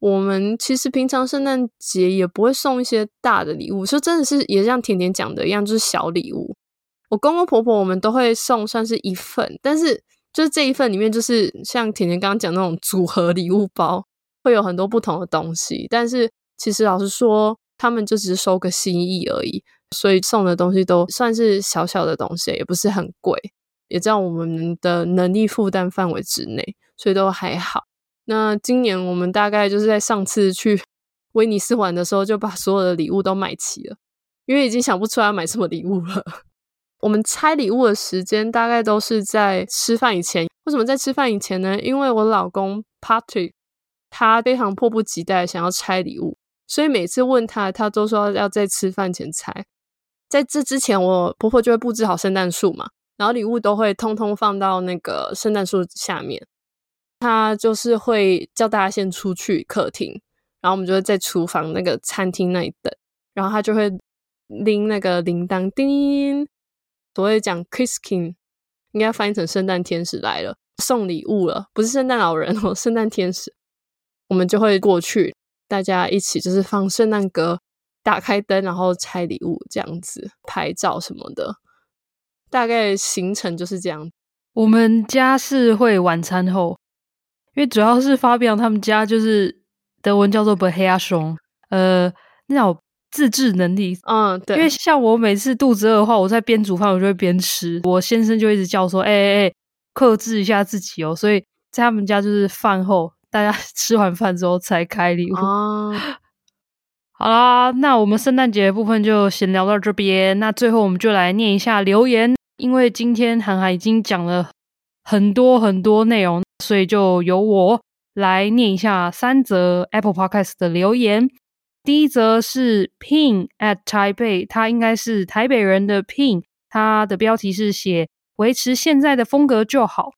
我們其實平常聖誕節也不會送一些大的禮物，說真的是也像甜甜講的一樣，就是小禮物。我公公婆婆我們都會送，算是一份，但是。就這一份裡面，就是像甜甜剛剛講那種組合禮物包，會有很多不同的東西。但是其實老實說，他們就只是收個心意而已，所以送的東西都算是小小的東西，也不是很貴，也在我們的能力負擔範圍之內，所以都還好。那今年我們大概就是在上次去威尼斯玩的時候，就把所有的禮物都買齊了，因為已經想不出來要買什麼禮物了。我們拆禮物的時間大概都是在吃飯以前。為什麼在吃飯以前呢？因為我老公 Patrick，他非常迫不及待想要拆禮物，所以每次問他，他都說要在吃飯前拆。在這之前，我婆婆就會布置好聖誕樹嘛，然後禮物都會通通放到那個聖誕樹下面。他就是會叫大家先出去客廳，然後我們就會在廚房那個餐廳那裡等。然後他就會拎那個鈴鐺，叮。所以講 Christkind 應該翻譯成“聖誕天使來了，送禮物了”，不是聖誕老人哦，聖誕天使。我們就會過去，大家一起就是放聖誕歌，打開燈，然後拆禮物，這樣子拍照什麼的。大概行程就是這樣。我們家是會晚餐後，因為主要是發表他們家，就是德文叫做 Bescherung，呃，那種自制能力，嗯、uh，對，因為像我每次肚子餓的話，我在邊煮飯，我就會邊吃。我先生就一直叫說：“哎哎哎，克制一下自己哦。”所以，在他們家就是飯後，大家吃完飯之後才開禮物。Oh. [laughs] 好啦，那我們聖誕節的部分就先聊到這邊。那最後，我們就來念一下留言，因為今天涵涵已經講了很多很多內容，所以就由我來念一下三則 Apple Podcast 的留言。第一則是 Ping at 台北，他應該是台北人的 Ping，他的標題是寫維持現在的風格就好。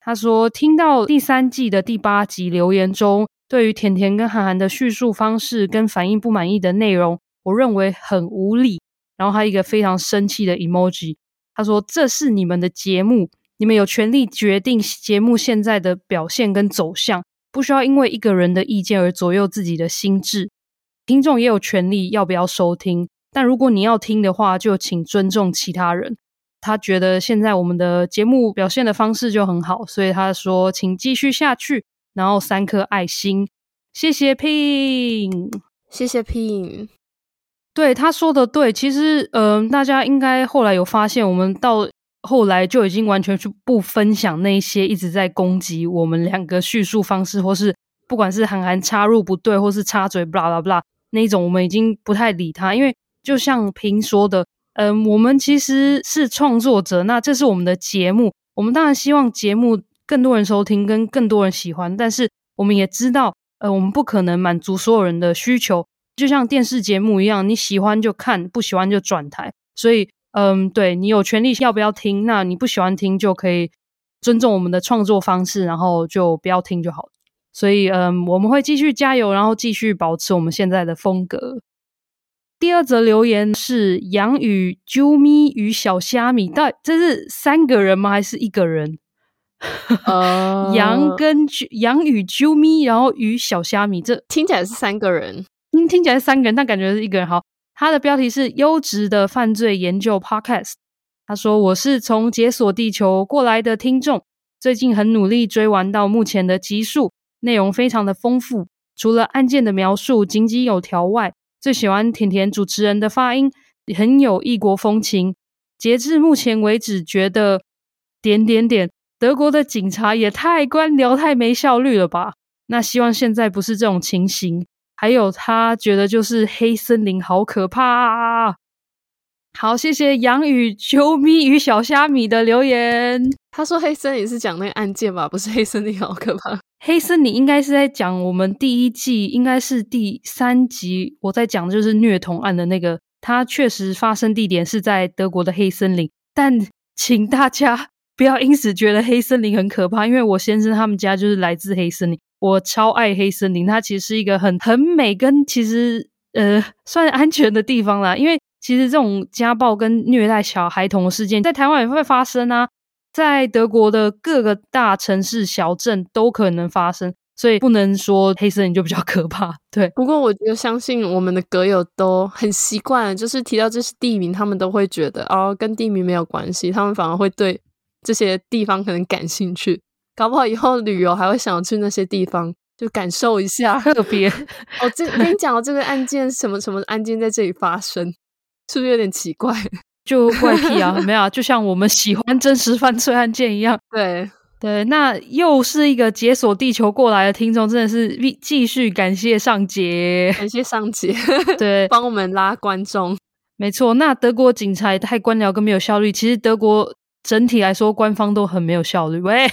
他說，聽到第三季的第八集留言中，對於甜甜跟韓寒的敘述方式跟反應不滿意的內容，我認為很無理。然後他一個非常生氣的 emoji，他說，這是你們的節目，你們有權利決定節目現在的表現跟走向，不需要因為一個人的意見而左右自己的心智。聽眾也有權利要不要收聽，但如果你要聽的話，就請尊重其他人。他覺得現在我們的節目表現的方式就很好，所以他說，請繼續下去。然後三顆愛心，謝謝 Pin，謝謝 Pin。對，他說的對，其實嗯、呃，大家應該後來有發現，我們到後來就已經完全去不分享那些一直在攻擊我們兩個敘述方式，或是不管是韓寒，寒插入不對，或是插嘴巴拉巴拉。那種我們已經不太理他，因為就像平說的，嗯、呃，我們其實是創作者，那這是我們的節目，我們當然希望節目更多人收聽，跟更多人喜歡，但是我們也知道，呃，我們不可能滿足所有人的需求，就像電視節目一樣，你喜歡就看，不喜歡就轉台，所以，嗯、呃，對，你有權利要不要聽，那你不喜歡聽就可以尊重我們的創作方式，然後就不要聽就好了。所以，嗯，我們會繼續加油，然後繼續保持我們現在的風格。第二則留言是“楊宇啾咪與小蝦米”，到底這是三個人嗎？還是一個人？楊、uh... [laughs] 跟楊宇啾咪，Jumi, 然後與小蝦米，這聽起來是三個人，聽聽起來是三個人，但感覺是一個人。好，他的標題是“優質的犯罪研究 Podcast”。他說：“我是從解鎖地球過來的聽眾，最近很努力追完到目前的集數。”內容非常的豐富，除了案件的描述井井有條外，最喜歡甜甜主持人的發音很有異國風情。截至目前為止，覺得點點點德國的警察也太官僚、太沒效率了吧？那希望現在不是這種情形。還有，他覺得就是黑森林好可怕啊。好，謝謝楊宇秋咪與小蝦米的留言。他說黑森林是講那個案件吧？不是黑森林好可怕。黑森林應該是在講我們第一季應該是第三集，我在講的就是虐童案的那個。它確實發生地點是在德國的黑森林，但請大家不要因此覺得黑森林很可怕。因為我先生他們家就是來自黑森林，我超愛黑森林。它其實是一個很很美跟其實呃算安全的地方啦。因為其實這種家暴跟虐待小孩童事件在台灣也會發生啊。在德國的各個大城市、小鎮都可能發生，所以不能說黑森林就比較可怕。對，不過我就相信我們的格友都很習慣，就是提到這些地名，他們都會覺得哦，跟地名沒有關係，他們反而會對這些地方可能感興趣，搞不好以後旅遊還會想要去那些地方，就感受一下特別。我、 [laughs] [laughs] 哦、這個、跟你講，這個案件什麼什麼案件在這裡發生，是不是有點奇怪？就怪癖啊， [laughs] 沒有啊，就像我們喜歡真實犯罪案件一樣。對對，那又是一個解鎖地球過來的聽眾，真的是繼續感謝上杰，感謝上杰， [laughs] 對，幫我們拉觀眾。沒錯，那德國警察太官僚跟沒有效率，其實德國整體來說官方都很沒有效率。喂，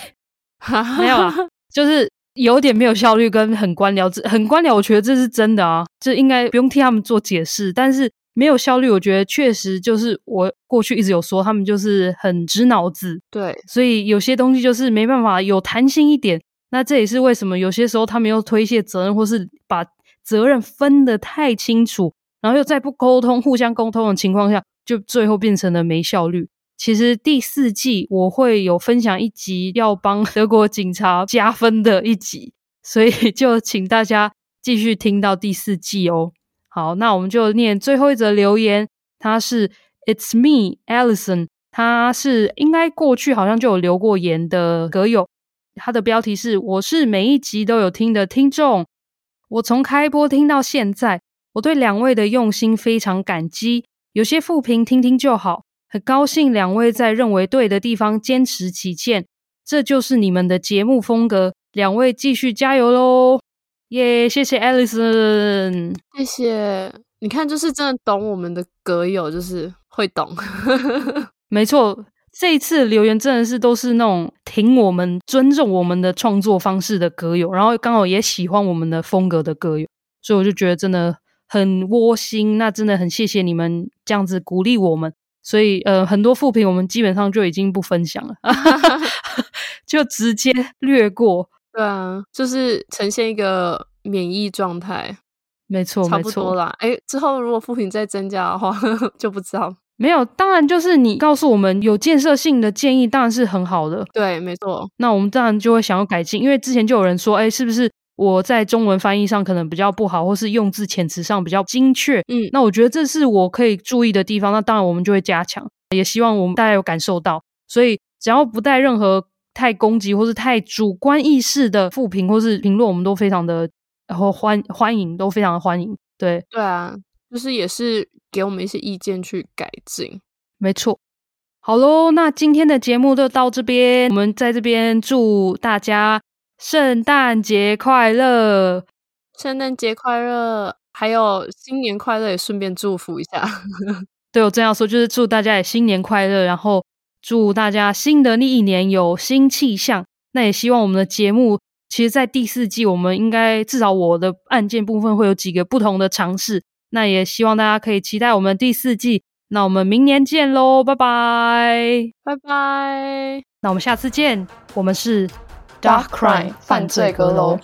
[laughs] 沒有啊，就是有點沒有效率跟很官僚，很官僚，我覺得這是真的啊，這應該不用替他們做解釋，但是。沒有效率，我覺得確實就是我過去一直有說，他們就是很直腦子。對，所以有些東西就是沒辦法有彈性一點。那這也是為什麼有些時候他們又推卸責任，或是把責任分得太清楚，然後又在不溝通、互相溝通的情況下，就最後變成了沒效率。其實第四季我會有分享一集要幫德國警察加分的一集，所以就請大家繼續聽到第四季哦。好，那我們就念最後一則留言。他是，It's me，Alison。他是應該過去好像就有留過言的歌友。他的標題是：我是每一集都有聽的聽眾。我從開播聽到現在，我對兩位的用心非常感激。有些負評聽聽就好。很高興兩位在認為對的地方堅持己見，這就是你們的節目風格。兩位繼續加油嘍！耶、yeah！謝謝，Alison。謝謝，你看，就是真的懂我們的歌友，就是會懂。 [laughs] 沒錯，這一次留言真的是都是那種挺我們、尊重我們的創作方式的歌友，然後剛好也喜歡我們的風格的歌友，所以我就覺得真的很窩心。那真的很謝謝你們這樣子鼓勵我們。所以，呃，很多副評我們基本上就已經不分享了， [laughs] 就直接略過。對啊，就是呈現一個免疫狀態，沒錯，差不多啦。哎、欸，之後如果負評再增加的話， [laughs] 就不知道。沒有，當然就是你告訴我們有建設性的建議，當然是很好的。對，沒錯。那我們當然就會想要改進，因為之前就有人說，哎、欸，是不是我在中文翻譯上可能比較不好，或是用字遣詞上比較精確？嗯，那我覺得這是我可以注意的地方。那當然，我們就會加強，也希望我們大家有感受到。所以，只要不帶任何。太攻擊或是太主觀意識的負評或是評論，我們都非常的，然後歡歡迎，都非常的歡迎。對對啊，就是也是給我們一些意見去改進。沒錯。好嘍，那今天的節目就到這邊，我們在這邊祝大家聖誕節快樂，聖誕節快樂，還有新年快樂，也順便祝福一下。 [laughs] 對，我這樣說，就是祝大家也新年快樂，然後。祝大家新的一年有新氣象。那也希望我們的節目，其實，在第四季，我們應該至少我的案件部分會有幾個不同的嘗試。那也希望大家可以期待我們第四季。那我們明年見嘍，拜拜，拜拜。那我們下次見，我們是 DACH Crime 犯罪閣樓。